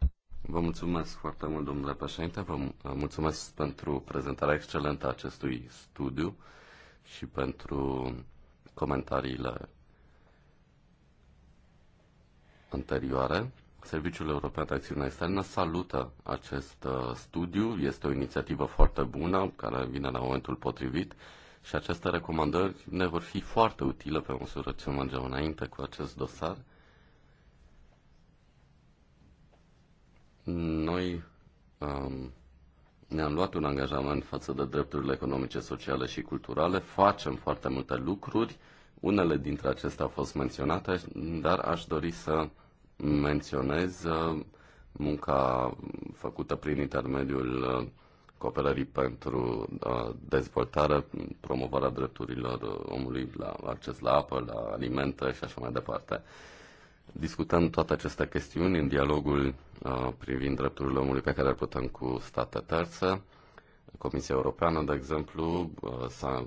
Vă mulțumesc foarte mult, domnule președinte, vă uh, mulțumesc pentru prezentarea excelentă a acestui studiu și pentru comentariile anterioare. Serviciul European de Acțiune Externă salută acest uh, studiu. Este o inițiativă foarte bună care vine la momentul potrivit și aceste recomandări ne vor fi foarte utile pe măsură ce mergem înainte cu acest dosar. Noi um, ne-am luat un angajament față de drepturile economice, sociale și culturale, facem foarte multe lucruri, unele dintre acestea au fost menționate, dar aș dori să menționez uh, munca făcută prin intermediul uh, cooperării pentru uh, dezvoltare, promovarea drepturilor omului la acces la apă, la alimente și așa mai departe. Discutăm toate aceste chestiuni în dialogul uh, privind drepturile omului pe care îl putem cu state terțe. Comisia Europeană, de exemplu, uh,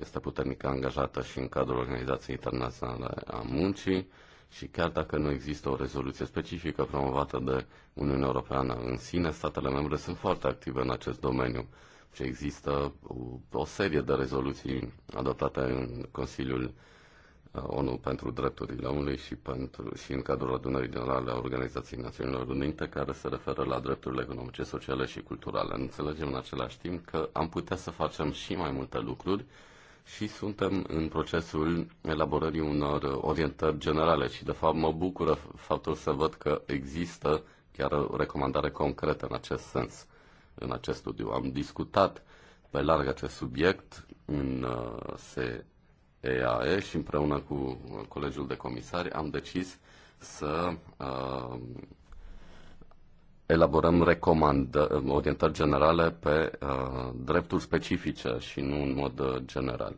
este puternic angajată și în cadrul Organizației Internaționale a Muncii și chiar dacă nu există o rezoluție specifică promovată de Uniunea Europeană în sine, statele membre sunt foarte active în acest domeniu și există o serie de rezoluții adoptate în Consiliul uh, ONU pentru drepturile omului și, pentru, și în cadrul adunării generale a Organizației Națiunilor Unite care se referă la drepturile economice, sociale și culturale. Înțelegem în același timp că am putea să facem și mai multe lucruri și suntem în procesul elaborării unor orientări generale și, de fapt, mă bucură faptul să văd că există chiar o recomandare concretă în acest sens, în acest studiu. Am discutat pe larg acest subiect în uh, SEAE și împreună cu colegiul de comisari am decis să uh, elaborăm recomandă, orientări generale pe uh, drepturi specifice și nu în mod uh, general.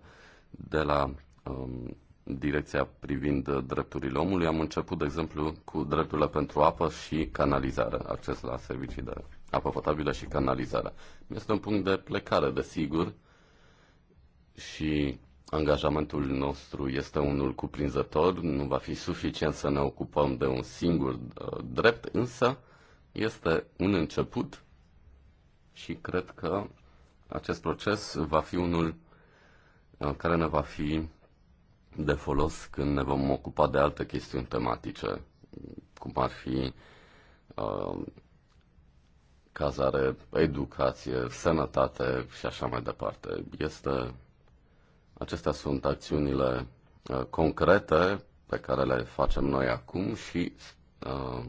De la um, direcția privind uh, drepturile omului am început, de exemplu, cu drepturile pentru apă și canalizare, acces la servicii de apă potabilă și canalizare. Este un punct de plecare, desigur, și angajamentul nostru este unul cuprinzător, nu va fi suficient să ne ocupăm de un singur uh, drept, însă este un început și cred că acest proces va fi unul uh, care ne va fi de folos când ne vom ocupa de alte chestiuni tematice, cum ar fi uh, cazare, educație, sănătate și așa mai departe. Este, acestea sunt acțiunile uh, concrete pe care le facem noi acum și uh,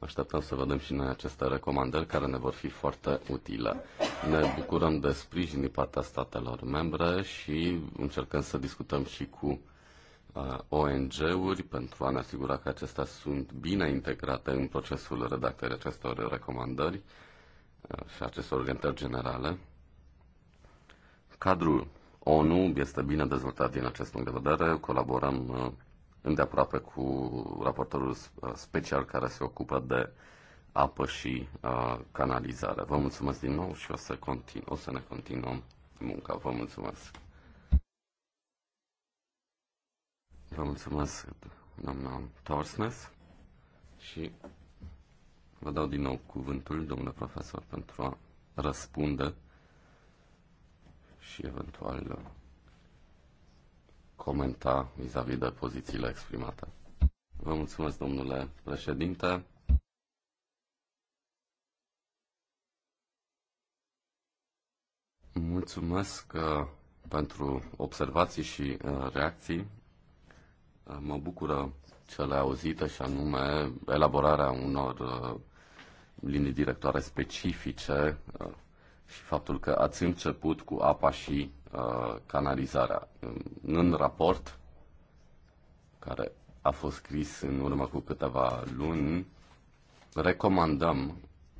Așteptăm să vedem și noi aceste recomandări care ne vor fi foarte utile. Ne bucurăm de sprijin din partea statelor membre și încercăm să discutăm și cu ONG-uri pentru a ne asigura că acestea sunt bine integrate în procesul redactării acestor recomandări și acestor orientări generale. Cadrul ONU este bine dezvoltat din acest punct de vedere, colaborăm îndeaproape cu raportorul uh, special care se ocupă de apă și uh, canalizare. Vă mulțumesc din nou și o să, continu- o să ne continuăm munca. Vă mulțumesc. Vă mulțumesc, doamna Torsnes, și vă dau din nou cuvântul, domnule profesor, pentru a răspunde și eventual comenta vis-a-vis -vis de pozițiile exprimate. Vă mulțumesc, domnule președinte. Mulțumesc uh, pentru observații și uh, reacții. Uh, mă bucură cele auzite și anume elaborarea unor linii directoare specifice și faptul că ați început cu apa și uh, canalizarea. În raport, care a fost scris în urmă cu câteva luni, recomandăm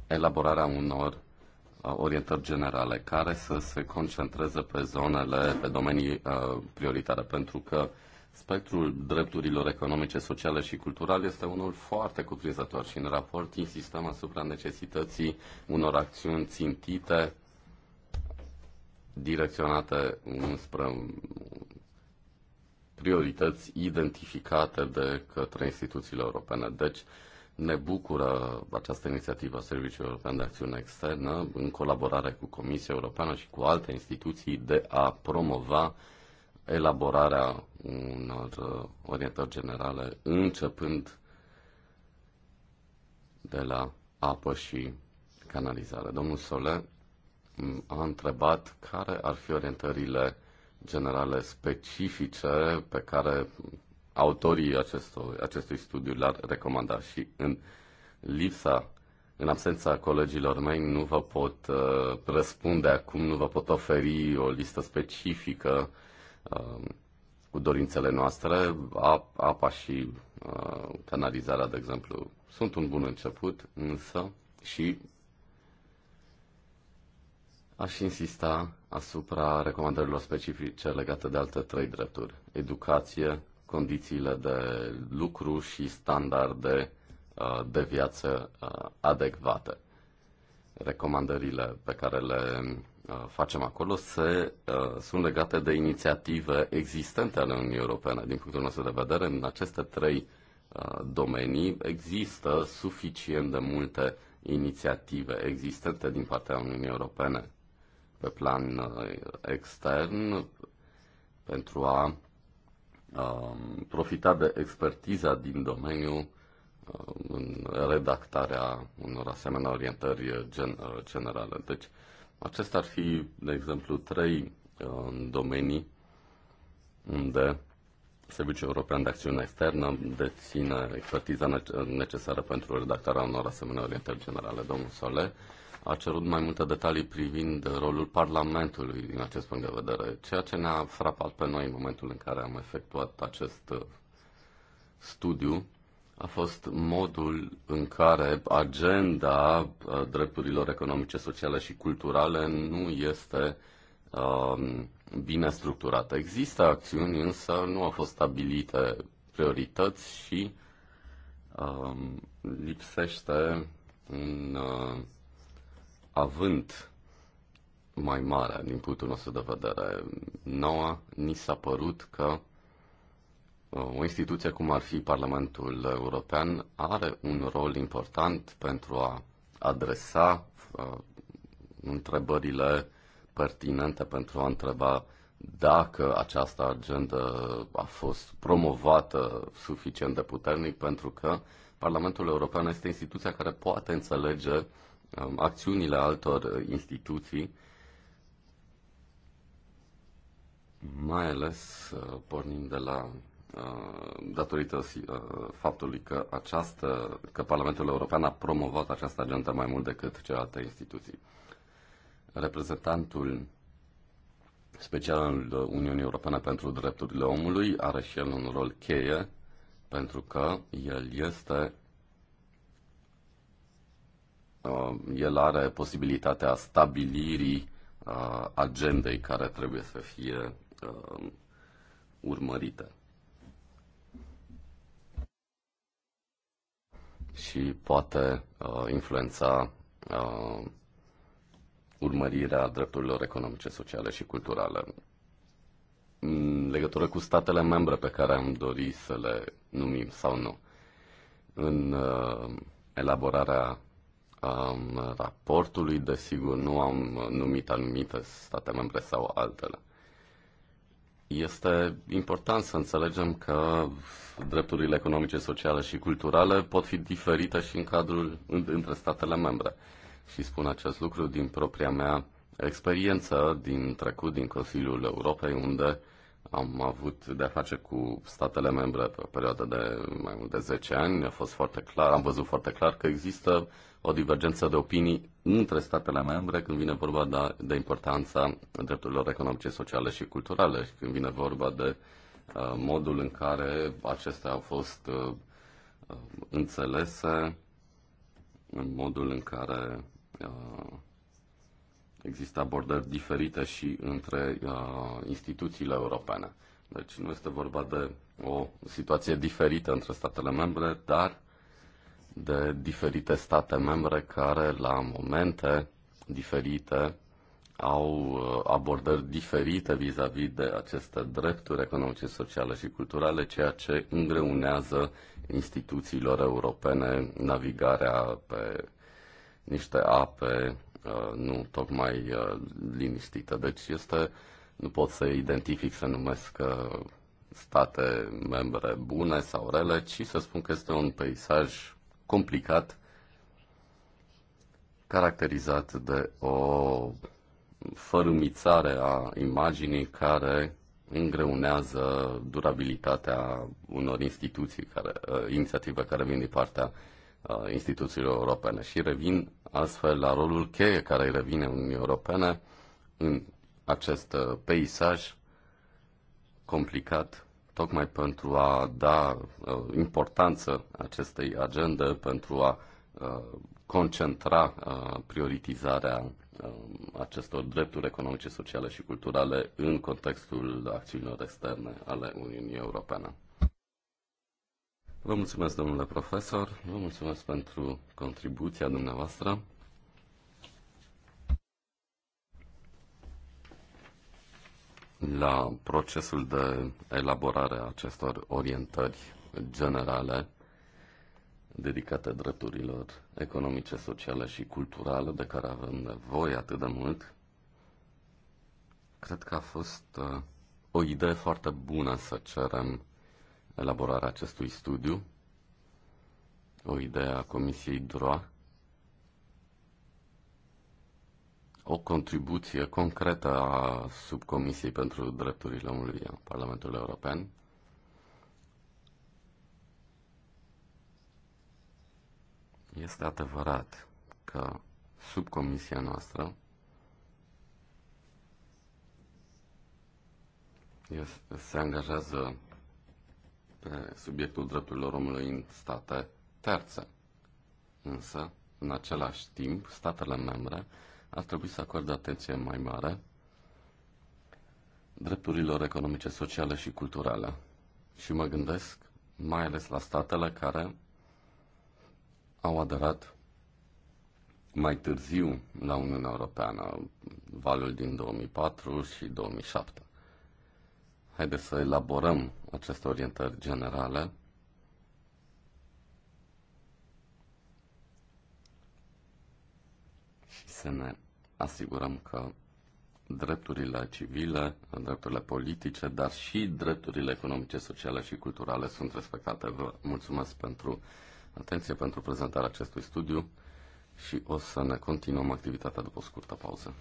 elaborarea unor uh, orientări generale care să se concentreze pe zonele, pe domenii uh, prioritare, pentru că Spectrul drepturilor economice, sociale și culturale este unul foarte cuprinzător și în raport insistăm asupra necesității unor acțiuni țintite, direcționate înspre priorități identificate de către instituțiile europene. Deci ne bucură această inițiativă a Serviciului European de Acțiune Externă, în colaborare cu Comisia Europeană și cu alte instituții, de a promova elaborarea unor uh, orientări generale, începând de la apă și canalizare. Domnul Sole a întrebat care ar fi orientările generale specifice pe care autorii acestui acestui studiu le-ar recomanda și în lipsa, în absența colegilor mei, nu vă pot uh, răspunde acum, nu vă pot oferi o listă specifică Um, cu dorințele noastre, apa și uh, canalizarea, de exemplu, sunt un bun început, însă și aș insista asupra recomandărilor specifice legate de alte trei drepturi. Educație, condițiile de lucru și standarde uh, de viață uh, adecvate. Recomandările pe care le Uh, facem acolo se, uh, sunt legate de inițiative existente ale Uniunii Europene. Din punctul nostru de vedere, în aceste trei uh, domenii există suficient de multe inițiative existente din partea Uniunii Europene pe plan extern pentru a um, profita de expertiza din domeniu în redactarea unor asemenea orientări generale. Deci, Acestea ar fi, de exemplu, trei uh, domenii unde Serviciul European de Acțiune Externă deține expertiza necesară pentru redactarea unor asemenea orientări generale. Domnul Sole a cerut mai multe detalii privind rolul Parlamentului din acest punct de vedere, ceea ce ne-a frapat pe noi în momentul în care am efectuat acest uh, studiu a fost modul în care agenda uh, drepturilor economice, sociale și culturale nu este um, bine structurată. Există acțiuni, însă nu au fost stabilite priorități și um, lipsește un uh, avânt mai mare din punctul nostru de vedere. Noua ni s-a părut că o instituție cum ar fi Parlamentul European are un rol important pentru a adresa uh, întrebările pertinente, pentru a întreba dacă această agendă a fost promovată suficient de puternic, pentru că Parlamentul European este instituția care poate înțelege uh, acțiunile altor instituții mai ales uh, pornind de la Uh, datorită uh, faptului că, această, că Parlamentul European a promovat această agendă mai mult decât celelalte instituții. Reprezentantul special al Uniunii Europene pentru Drepturile Omului are și el un rol cheie pentru că el este uh, el are posibilitatea stabilirii agendei care trebuie să fie urmărită. și poate uh, influența uh, urmărirea drepturilor economice, sociale și culturale. În legătură cu statele membre pe care am dori să le numim sau nu, în uh, elaborarea um, raportului, desigur, nu am numit anumite state membre sau altele. Este important să înțelegem că drepturile economice, sociale și culturale pot fi diferite și în cadrul între statele membre. Și spun acest lucru din propria mea experiență din trecut, din Consiliul Europei, unde am avut de-a face cu statele membre pe o perioadă de mai mult de 10 ani. A fost foarte clar, am văzut foarte clar că există o divergență de opinii între statele membre când vine vorba de, da, de importanța drepturilor economice, sociale și culturale și când vine vorba de uh, modul în care acestea au fost uh, uh, înțelese, în modul în care uh, există abordări diferite și între uh, instituțiile europene. Deci nu este vorba de o situație diferită între statele membre, dar de diferite state membre care la momente diferite au uh, abordări diferite vis-a-vis -vis de aceste drepturi economice, sociale și culturale, ceea ce îngreunează instituțiilor europene navigarea pe niște ape uh, nu tocmai uh, liniștite, Deci este, nu pot să identific, să numesc state membre bune sau rele, ci să spun că este un peisaj complicat, caracterizat de o fărâmițare a imaginii care îngreunează durabilitatea unor instituții, care, uh, inițiative care vin din partea uh, instituțiilor europene și revin astfel la rolul cheie care îi revine Uniunii Europene în acest uh, peisaj complicat tocmai pentru a da uh, importanță acestei agende, pentru a uh, concentra uh, prioritizarea uh, acestor drepturi economice, sociale și culturale în contextul acțiunilor externe ale Uniunii Europene. Vă mulțumesc, domnule profesor, vă mulțumesc pentru contribuția dumneavoastră. la procesul de elaborare a acestor orientări generale dedicate drepturilor economice, sociale și culturale de care avem nevoie atât de mult. Cred că a fost uh, o idee foarte bună să cerem elaborarea acestui studiu, o idee a Comisiei DROA, o contribuție concretă a Subcomisiei pentru Drepturile Omului în Parlamentul European. Este adevărat că subcomisia noastră se angajează pe subiectul drepturilor omului în state terțe. Însă, în același timp, statele membre ar trebui să acorde atenție mai mare drepturilor economice, sociale și culturale. Și mă gândesc mai ales la statele care au aderat mai târziu la Uniunea Europeană, valul din 2004 și 2007. Haideți să elaborăm aceste orientări generale și să ne asigurăm că drepturile civile, drepturile politice, dar și drepturile economice, sociale și culturale sunt respectate. Vă mulțumesc pentru atenție, pentru prezentarea acestui studiu și o să ne continuăm activitatea după o scurtă pauză.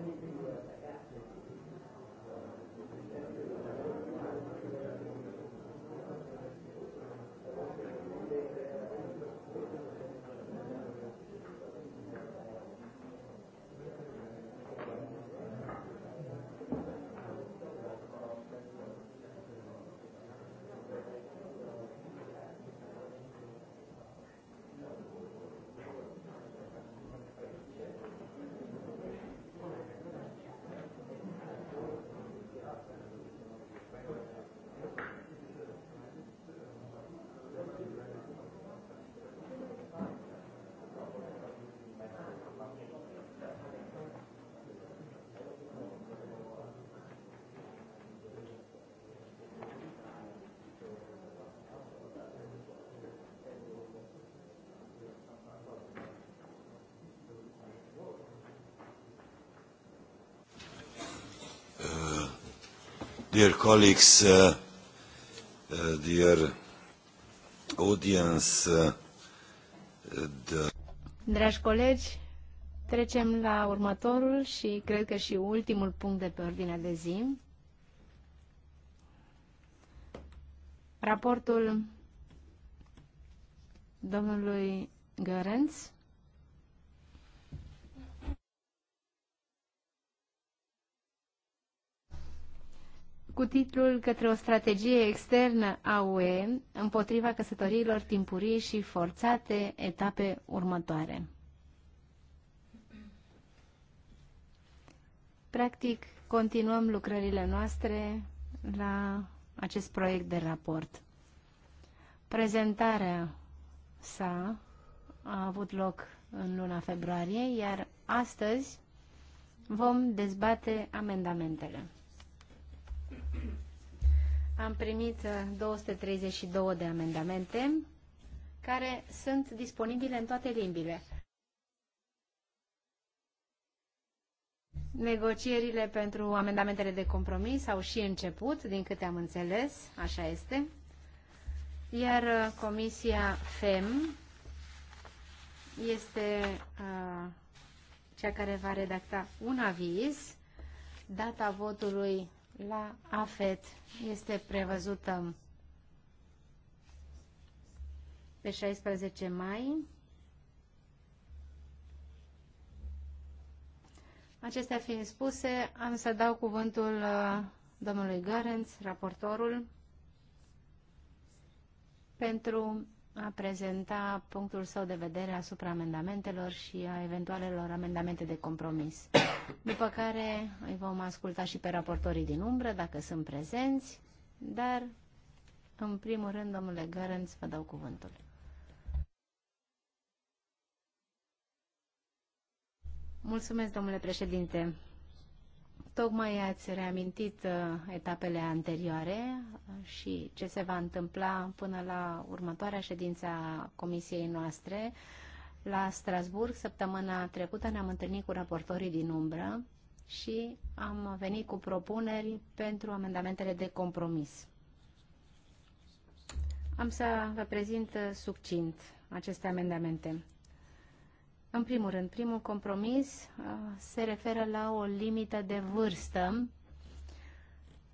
Thank you. Dear colleagues, uh, uh, dear audience, uh, the... Dragi colegi, trecem la următorul și cred că și ultimul punct de pe ordinea de zi. Raportul domnului Gărenț titlul către o strategie externă a UE împotriva căsătoriilor timpurii și forțate etape următoare. Practic, continuăm lucrările noastre la acest proiect de raport. Prezentarea sa a avut loc în luna februarie, iar astăzi vom dezbate amendamentele. Am primit 232 uh, de amendamente care sunt disponibile în toate limbile. Negocierile pentru amendamentele de compromis au și început, din câte am înțeles, așa este. Iar uh, Comisia FEM este uh, cea care va redacta un aviz. Data votului la AFET este prevăzută pe 16 mai. Acestea fiind spuse, am să dau cuvântul uh, domnului Gărenț, raportorul, pentru a prezenta punctul său de vedere asupra amendamentelor și a eventualelor amendamente de compromis. După care îi vom asculta și pe raportorii din umbră, dacă sunt prezenți, dar, în primul rând, domnule Gărânț, vă dau cuvântul. Mulțumesc, domnule președinte. Tocmai ați reamintit uh, etapele anterioare uh, și ce se va întâmpla până la următoarea ședință a comisiei noastre. La Strasburg, săptămâna trecută, ne-am întâlnit cu raportorii din umbră și am venit cu propuneri pentru amendamentele de compromis. Am să vă prezint uh, succint aceste amendamente. În primul rând, primul compromis uh, se referă la o limită de vârstă,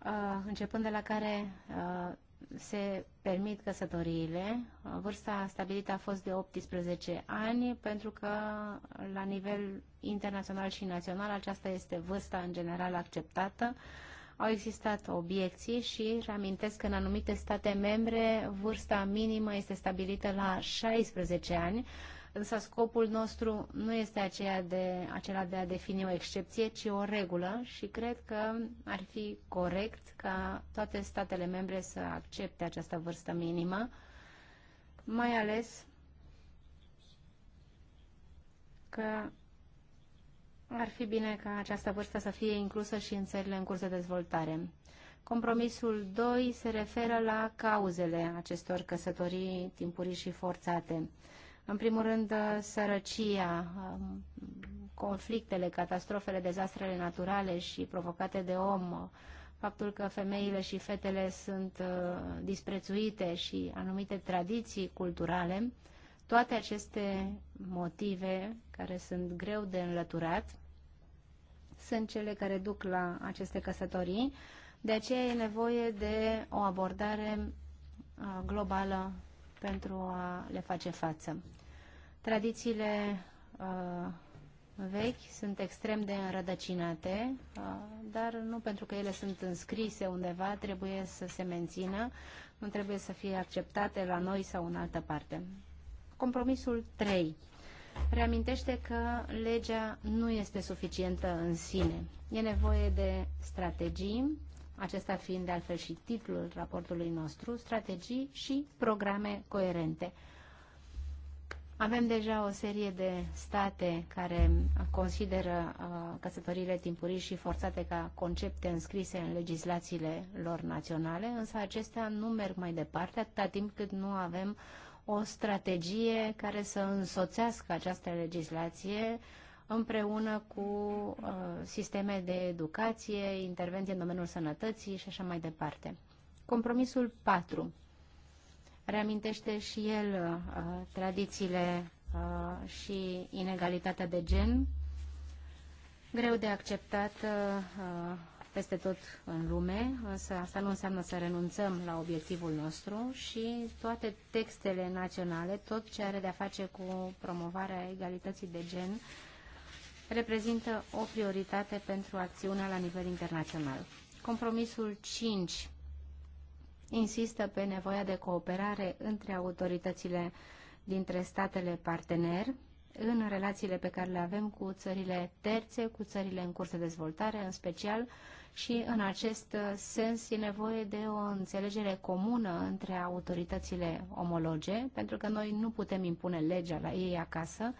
uh, începând de la care uh, se permit căsătoriile. Vârsta stabilită a fost de 18 ani, pentru că la nivel internațional și național aceasta este vârsta în general acceptată. Au existat obiecții și reamintesc că în anumite state membre vârsta minimă este stabilită la 16 ani, Însă scopul nostru nu este aceea de, acela de a defini o excepție, ci o regulă și cred că ar fi corect ca toate statele membre să accepte această vârstă minimă, mai ales că ar fi bine ca această vârstă să fie inclusă și în țările în curs de dezvoltare. Compromisul 2 se referă la cauzele acestor căsătorii timpurii și forțate. În primul rând, uh, sărăcia, um, conflictele, catastrofele, dezastrele naturale și provocate de om, uh, faptul că femeile și fetele sunt uh, disprețuite și anumite tradiții culturale, toate aceste motive care sunt greu de înlăturat sunt cele care duc la aceste căsătorii. De aceea e nevoie de o abordare globală pentru a le face față. Tradițiile uh, vechi sunt extrem de înrădăcinate, uh, dar nu pentru că ele sunt înscrise undeva, trebuie să se mențină, nu trebuie să fie acceptate la noi sau în altă parte. Compromisul 3 reamintește că legea nu este suficientă în sine. E nevoie de strategii, acesta fiind de altfel și titlul raportului nostru, strategii și programe coerente. Avem deja o serie de state care consideră uh, căsătoriile timpurii și forțate ca concepte înscrise în legislațiile lor naționale, însă acestea nu merg mai departe atâta timp cât nu avem o strategie care să însoțească această legislație uh, împreună cu uh, sisteme de educație, intervenție în domeniul sănătății și așa mai departe. Compromisul 4 reamintește și el uh, tradițiile uh, și inegalitatea de gen, greu de acceptat uh, uh, peste tot în lume, însă asta nu înseamnă să renunțăm la obiectivul nostru și toate textele naționale, tot ce are de-a face cu promovarea egalității de gen, uh, reprezintă o prioritate pentru acțiunea la nivel internațional. Compromisul 5 insistă pe nevoia de cooperare între autoritățile dintre statele partener în relațiile pe care le avem cu țările terțe, cu țările în curs de dezvoltare, în special, și în acest sens e nevoie de o înțelegere comună între autoritățile omologe, pentru că noi nu putem impune legea la ei acasă,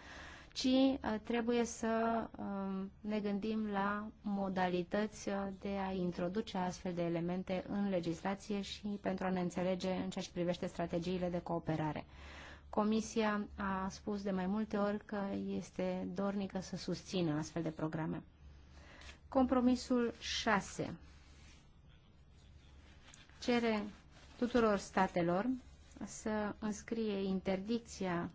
ci uh, trebuie să uh, ne gândim la modalități uh, de a introduce astfel de elemente în legislație și pentru a ne înțelege în ceea ce privește strategiile de cooperare. Comisia a spus de mai multe ori că este dornică să susțină astfel de programe. Compromisul 6 cere tuturor statelor să înscrie interdicția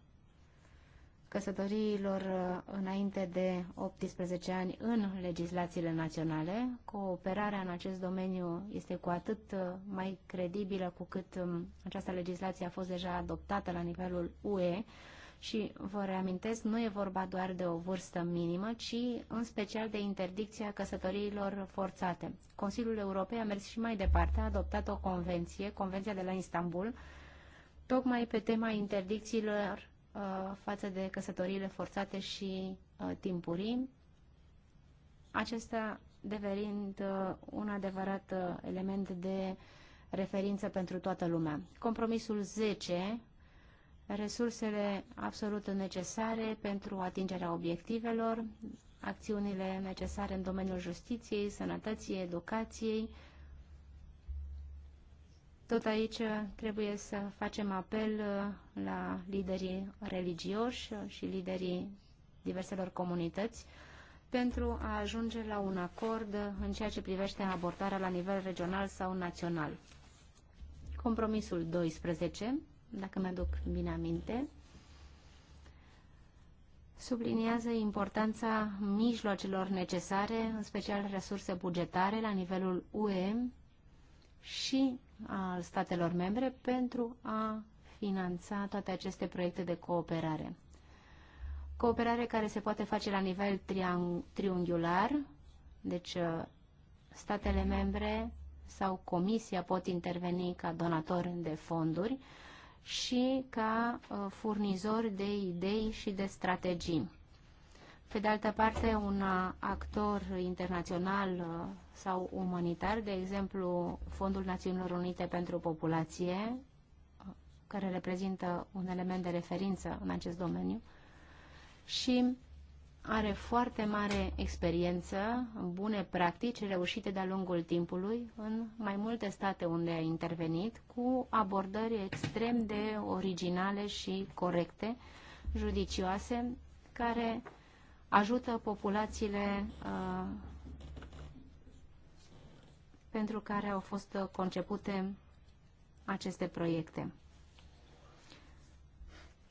căsătoriilor uh, înainte de 18 ani în legislațiile naționale. Cooperarea în acest domeniu este cu atât uh, mai credibilă cu cât um, această legislație a fost deja adoptată la nivelul UE și vă reamintesc, nu e vorba doar de o vârstă minimă, ci în special de interdicția căsătoriilor forțate. Consiliul Europei a mers și mai departe, a adoptat o convenție, Convenția de la Istanbul, tocmai pe tema interdicțiilor Uh, față de căsătoriile forțate și uh, timpurii, acesta devenind uh, un adevărat element de referință pentru toată lumea. Compromisul 10 resursele absolut necesare pentru atingerea obiectivelor, acțiunile necesare în domeniul justiției, sănătății, educației, tot aici uh, trebuie să facem apel uh, la liderii religioși uh, și liderii diverselor comunități pentru a ajunge la un acord în ceea ce privește abordarea la nivel regional sau național. Compromisul 12, dacă mi-aduc bine aminte, subliniază importanța mijloacelor necesare, în special resurse bugetare la nivelul UE și al statelor membre pentru a finanța toate aceste proiecte de cooperare. Cooperare care se poate face la nivel triunghiular, deci uh, statele membre sau comisia pot interveni ca donatori de fonduri și ca uh, furnizori de idei și de strategii. Pe de altă parte, un actor internațional uh, sau umanitar, de exemplu Fondul Națiunilor Unite pentru Populație, uh, care reprezintă un element de referință în acest domeniu și are foarte mare experiență, bune practici reușite de-a lungul timpului în mai multe state unde a intervenit, cu abordări extrem de originale și corecte, judicioase, care ajută populațiile uh, pentru care au fost concepute aceste proiecte.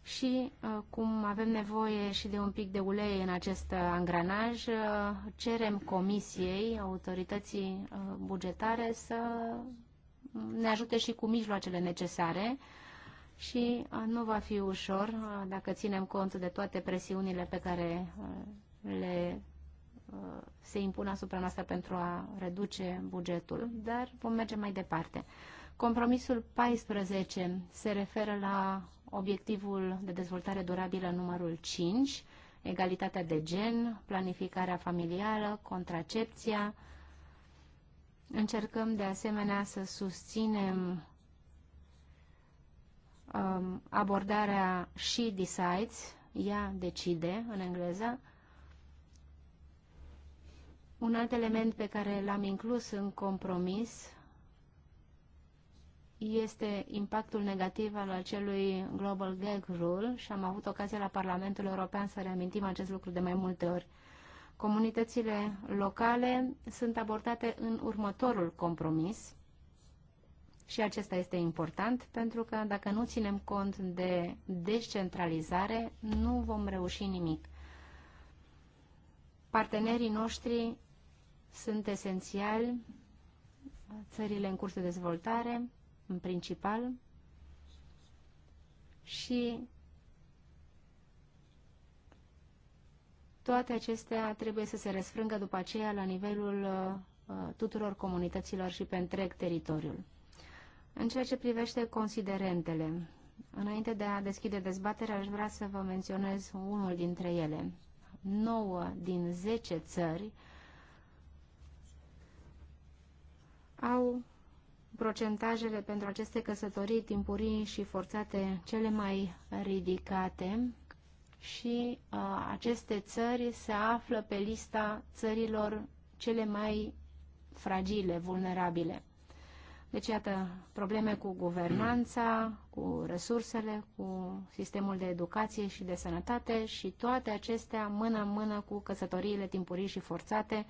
Și uh, cum avem nevoie și de un pic de ulei în acest angranaj, uh, cerem comisiei, autorității uh, bugetare să ne ajute și cu mijloacele necesare uh, și nu va fi ușor dacă ținem cont de toate presiunile pe care le se impun asupra noastră pentru a reduce bugetul, dar vom merge mai departe. Compromisul 14 se referă la obiectivul de dezvoltare durabilă numărul 5, egalitatea de gen, planificarea familială, contracepția. Încercăm de asemenea să susținem um, abordarea she decides, ea decide în engleză. Un alt element pe care l-am inclus în compromis este impactul negativ al acelui Global Gag Rule și am avut ocazia la Parlamentul European să reamintim acest lucru de mai multe ori. Comunitățile locale sunt abordate în următorul compromis – și acesta este important pentru că dacă nu ținem cont de descentralizare, nu vom reuși nimic. Partenerii noștri sunt esențiali, țările în curs de dezvoltare, în principal, și toate acestea trebuie să se răsfrângă după aceea la nivelul uh, tuturor comunităților și pe întreg teritoriul. În ceea ce privește considerentele, înainte de a deschide dezbaterea, aș vrea să vă menționez unul dintre ele. 9 din 10 țări au procentajele pentru aceste căsătorii timpurii și forțate cele mai ridicate și uh, aceste țări se află pe lista țărilor cele mai fragile, vulnerabile. Deci, iată, probleme cu guvernanța, cu resursele, cu sistemul de educație și de sănătate și toate acestea mână în mână cu căsătoriile timpurii și forțate,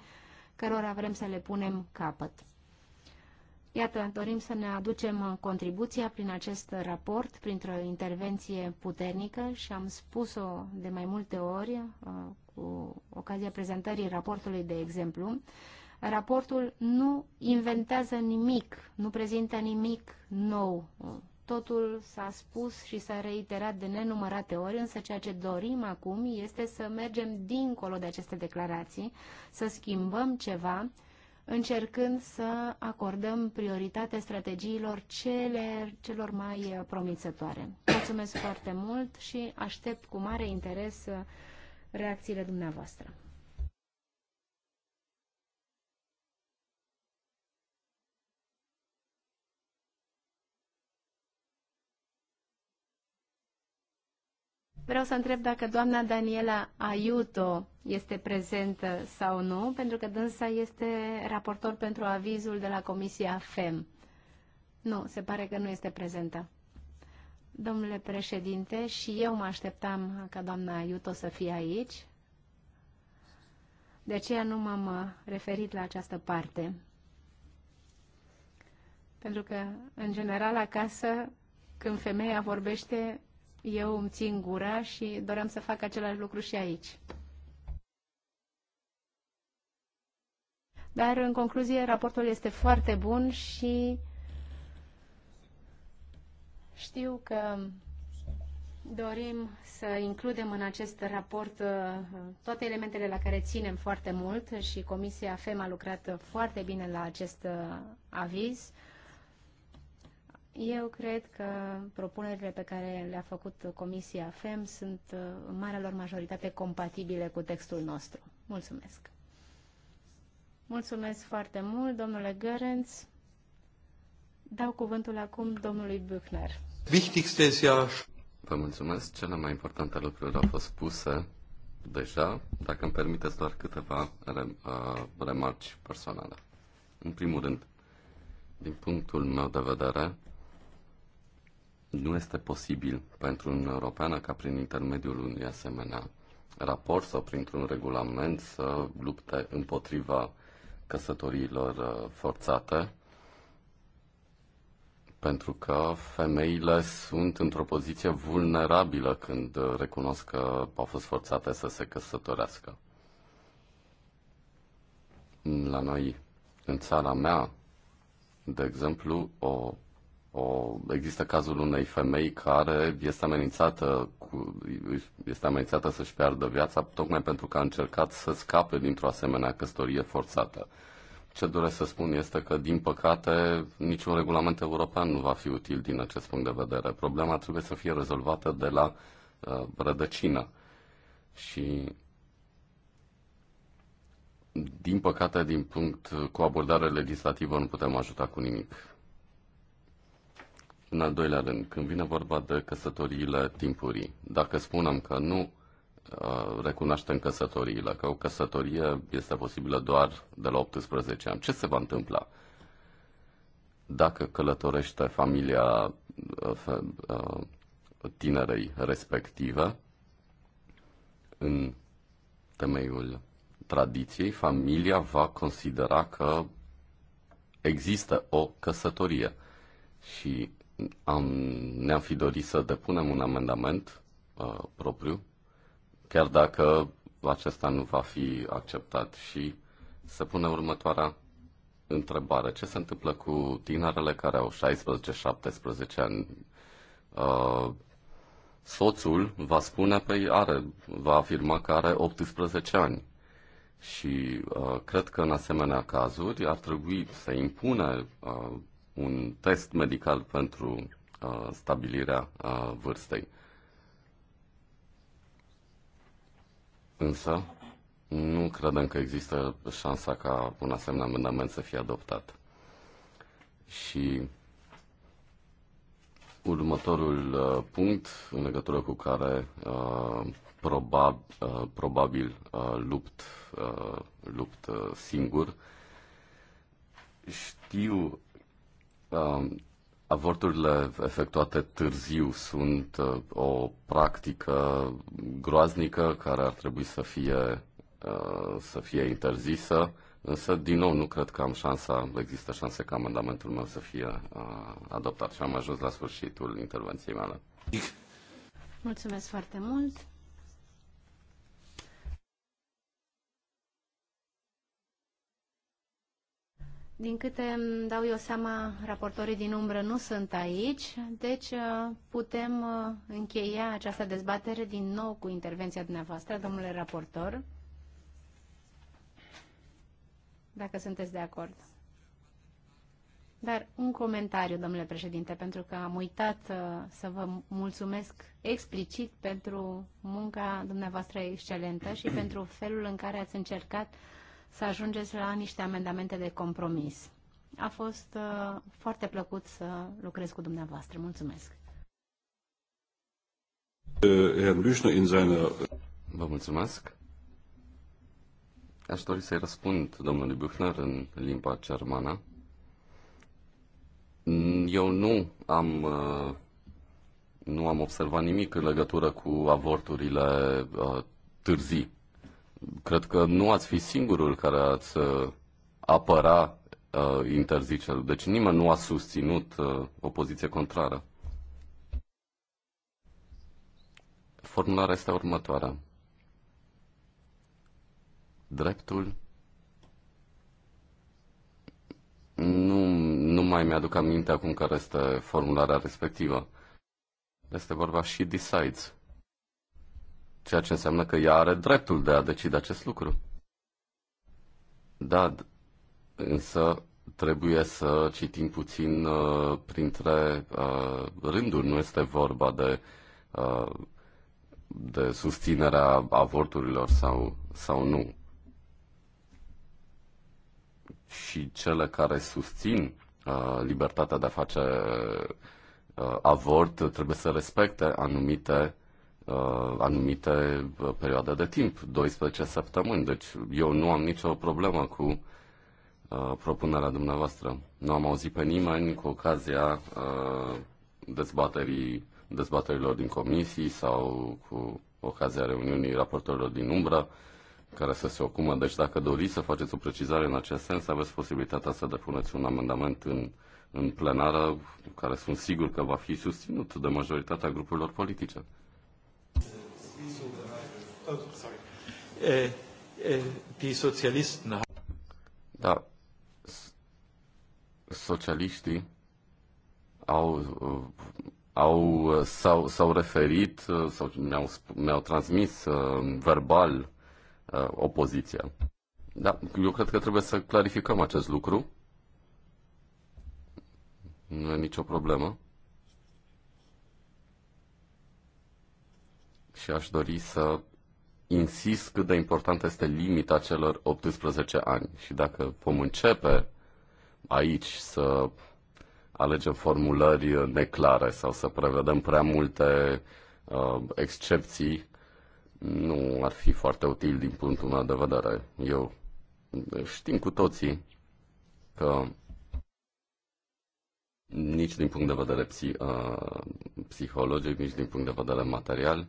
cărora vrem să le punem capăt. Iată, dorim să ne aducem contribuția prin acest raport, printr-o intervenție puternică și am spus-o de mai multe ori uh, cu ocazia prezentării raportului de exemplu, Raportul nu inventează nimic, nu prezintă nimic nou. Totul s-a spus și s-a reiterat de nenumărate ori, însă ceea ce dorim acum este să mergem dincolo de aceste declarații, să schimbăm ceva, încercând să acordăm prioritate strategiilor cele, celor mai promițătoare. Mulțumesc foarte mult și aștept cu mare interes reacțiile dumneavoastră. Vreau să întreb dacă doamna Daniela Aiuto este prezentă sau nu, pentru că dânsa este raportor pentru avizul de la Comisia FEM. Nu, se pare că nu este prezentă. Domnule președinte, și eu mă așteptam ca doamna Aiuto să fie aici, de aceea nu m-am referit la această parte. Pentru că, în general, acasă, când femeia vorbește, eu îmi țin gura și doream să fac același lucru și aici. Dar, în concluzie, raportul este foarte bun și știu că dorim să includem în acest raport uh, toate elementele la care ținem foarte mult și Comisia FEM a lucrat foarte bine la acest uh, aviz. Eu cred că propunerile pe care le-a făcut Comisia FEM sunt uh, în marea lor majoritate compatibile cu textul nostru. Mulțumesc! Mulțumesc foarte mult, domnule Gărenț. Dau cuvântul acum domnului Büchner. Vă mulțumesc. Cele mai importante lucruri au fost spuse deja. Dacă îmi permiteți doar câteva uh, remarci personale. În primul rând, din punctul meu de vedere, nu este posibil pentru Uniunea Europeană ca prin intermediul unui asemenea raport sau printr-un regulament să lupte împotriva căsătoriilor uh, forțate, pentru că femeile sunt într-o poziție vulnerabilă când recunosc că au fost forțate să se căsătorească. La noi, în țara mea, de exemplu, o o, există cazul unei femei care este amenințată, cu, este amenințată să-și piardă viața tocmai pentru că a încercat să scape dintr-o asemenea căsătorie forțată. Ce doresc să spun este că, din păcate, niciun regulament european nu va fi util din acest punct de vedere. Problema trebuie să fie rezolvată de la uh, rădăcină. Și din păcate, din punct cu abordare legislativă nu putem ajuta cu nimic. În al doilea rând, când vine vorba de căsătoriile timpurii, dacă spunem că nu uh, recunoaștem căsătoriile, că o căsătorie este posibilă doar de la 18 ani, ce se va întâmpla? Dacă călătorește familia uh, uh, tinerei respective, în temeiul tradiției, familia va considera că există o căsătorie și am, ne-am fi dorit să depunem un amendament uh, propriu, chiar dacă acesta nu va fi acceptat și să pune următoarea întrebare. Ce se întâmplă cu tinerele care au 16-17 ani? Uh, soțul va spune, păi are, va afirma că are 18 ani. Și uh, cred că în asemenea cazuri ar trebui să impune uh, un test medical pentru uh, stabilirea uh, vârstei. Însă, nu credem că există șansa ca un asemenea amendament să fie adoptat. Și următorul uh, punct în legătură cu care uh, probab, uh, probabil uh, lupt, uh, lupt uh, singur, știu Um, avorturile efectuate târziu sunt uh, o practică groaznică care ar trebui să fie, uh, să fie interzisă, însă, din nou, nu cred că am șansa, există șanse ca amendamentul meu să fie uh, adoptat și am ajuns la sfârșitul intervenției mele. Mulțumesc foarte mult. Din câte îmi dau eu seama, raportorii din umbră nu sunt aici, deci uh, putem uh, încheia această dezbatere din nou cu intervenția dumneavoastră, domnule raportor, dacă sunteți de acord. Dar un comentariu, domnule președinte, pentru că am uitat uh, să vă mulțumesc explicit pentru munca dumneavoastră excelentă și pentru felul în care ați încercat uh, să ajungeți la niște amendamente de compromis. A fost uh, foarte plăcut să lucrez cu dumneavoastră. Mulțumesc! Vă mulțumesc! Aș dori să-i răspund domnului Buchner în limba germană. Eu nu am, uh, nu am observat nimic în legătură cu avorturile uh, târzii cred că nu ați fi singurul care ați uh, apăra uh, interzicerea. Deci nimeni nu a susținut uh, o poziție contrară. Formularea este următoarea. Dreptul nu, nu mai mi-aduc aminte acum care este formularea respectivă. Este vorba și decides ceea ce înseamnă că ea are dreptul de a decide acest lucru. Da, însă trebuie să citim puțin uh, printre uh, rânduri. Nu este vorba de, uh, de susținerea avorturilor sau, sau nu. Și cele care susțin uh, libertatea de a face uh, avort trebuie să respecte anumite Uh, anumite uh, perioade de timp, 12 săptămâni. Deci eu nu am nicio problemă cu uh, propunerea dumneavoastră. Nu am auzit pe nimeni cu ocazia dezbaterii, dezbaterilor din comisii sau cu ocazia reuniunii raportorilor din umbră care să se ocupă. Deci dacă doriți să faceți o precizare în acest sens, aveți posibilitatea să depuneți un amendament în, în plenară, care sunt sigur că va fi susținut de majoritatea grupurilor politice. Die Sozialisten. Eh, eh, da. Socialiștii au, au, s-au, s-au referit sau mi-au, mi-au transmis eh, verbal opoziția. Da, eu cred că trebuie să clarificăm acest lucru. Nu e nicio problemă. și aș dori să insist cât de importantă este limita celor 18 ani. Și dacă vom începe aici să alegem formulări neclare sau să prevedem prea multe uh, excepții, nu ar fi foarte util din punctul meu de vedere. Eu știm cu toții că nici din punct de vedere psi, uh, psihologic, nici din punct de vedere material, uh,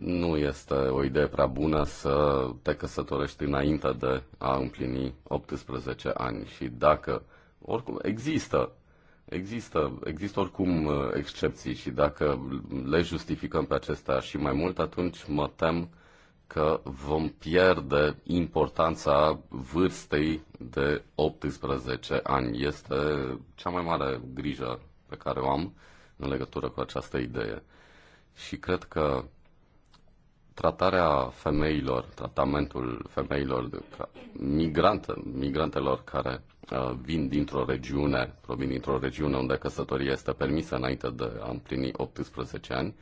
nu este o idee prea bună să te căsătorești înainte de a împlini 18 ani și dacă oricum există Există, există oricum uh, excepții și dacă le justificăm pe acestea și mai mult, atunci mă tem că vom pierde importanța vârstei de 18 ani. Este cea mai mare grijă pe care o am în legătură cu această idee. Și cred că tratarea femeilor, tratamentul femeilor migrante, migrantelor care uh, vin dintr-o regiune, provin dintr-o regiune unde căsătoria este permisă înainte de a împlini 18 ani,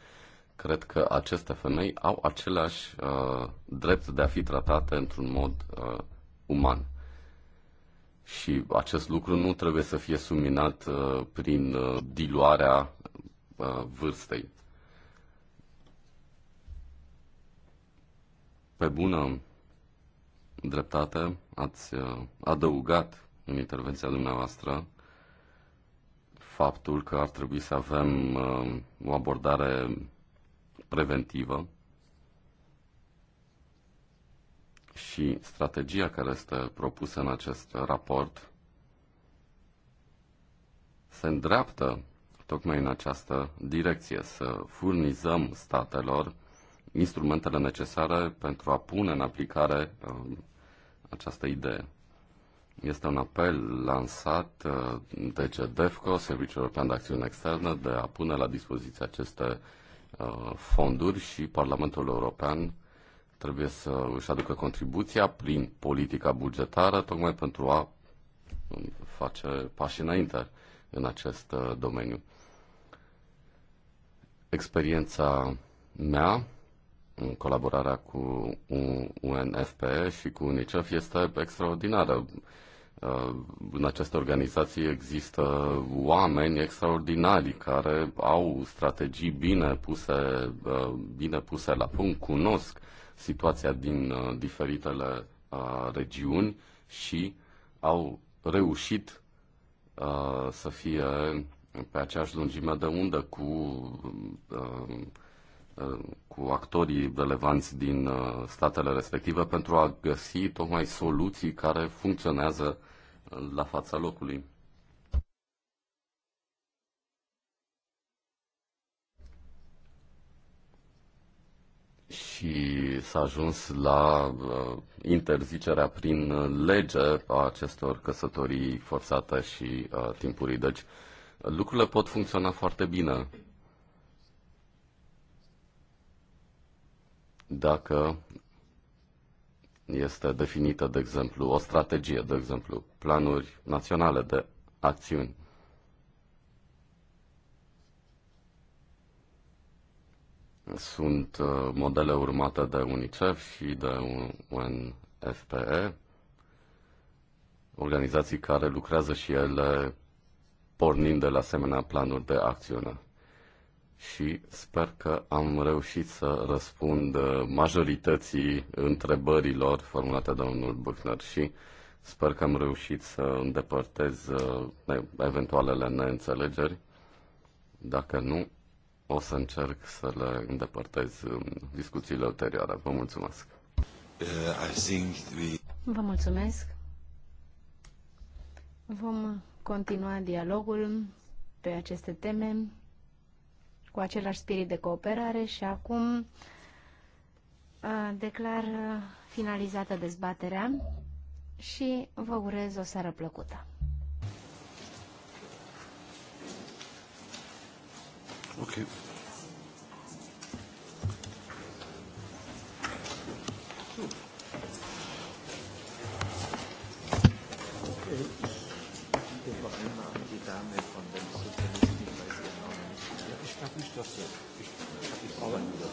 cred că aceste femei au același uh, drept de a fi tratate într-un mod uh, uman. Și acest lucru nu trebuie să fie suminat uh, prin uh, diluarea uh, vârstei. Pe bună dreptate ați uh, adăugat în intervenția dumneavoastră faptul că ar trebui să avem uh, o abordare preventivă și strategia care este propusă în acest raport se îndreaptă tocmai în această direcție, să furnizăm statelor instrumentele necesare pentru a pune în aplicare um, această idee. Este un apel lansat uh, de CEDEFCO, Serviciul European de Acțiune Externă, de a pune la dispoziție aceste uh, fonduri și Parlamentul European trebuie să își aducă contribuția prin politica bugetară, tocmai pentru a um, face pași înainte în acest uh, domeniu. Experiența mea colaborarea cu UNFPE și cu UNICEF este extraordinară. Uh, în această organizație există oameni extraordinari care au strategii bine puse, uh, bine puse la punct, cunosc situația din uh, diferitele regiuni și au reușit să fie pe aceeași lungime de undă cu Uh, cu actorii relevanți din uh, statele respective pentru a găsi tocmai soluții care funcționează uh, la fața locului. și s-a ajuns la uh, interzicerea prin lege a acestor căsătorii forțate și uh, timpurii. Deci lucrurile pot funcționa foarte bine dacă este definită, de exemplu, o strategie, de exemplu, planuri naționale de acțiuni. Sunt uh, modele urmate de UNICEF și de UNFPE, organizații care lucrează și ele pornind de la asemenea planuri de acțiune și sper că am reușit să răspund uh, majorității întrebărilor formulate de domnul Buchner și sper că am reușit să îndepărtez uh, eventualele neînțelegeri. Dacă nu, o să încerc să le îndepărtez în discuțiile ulterioare. Vă mulțumesc! Uh, Vă mulțumesc! Vom continua dialogul pe aceste teme cu același spirit de cooperare și acum declar finalizată dezbaterea și vă urez o seară plăcută. Okay. Okay. Ich habe nicht das. Ich, ich habe nicht das.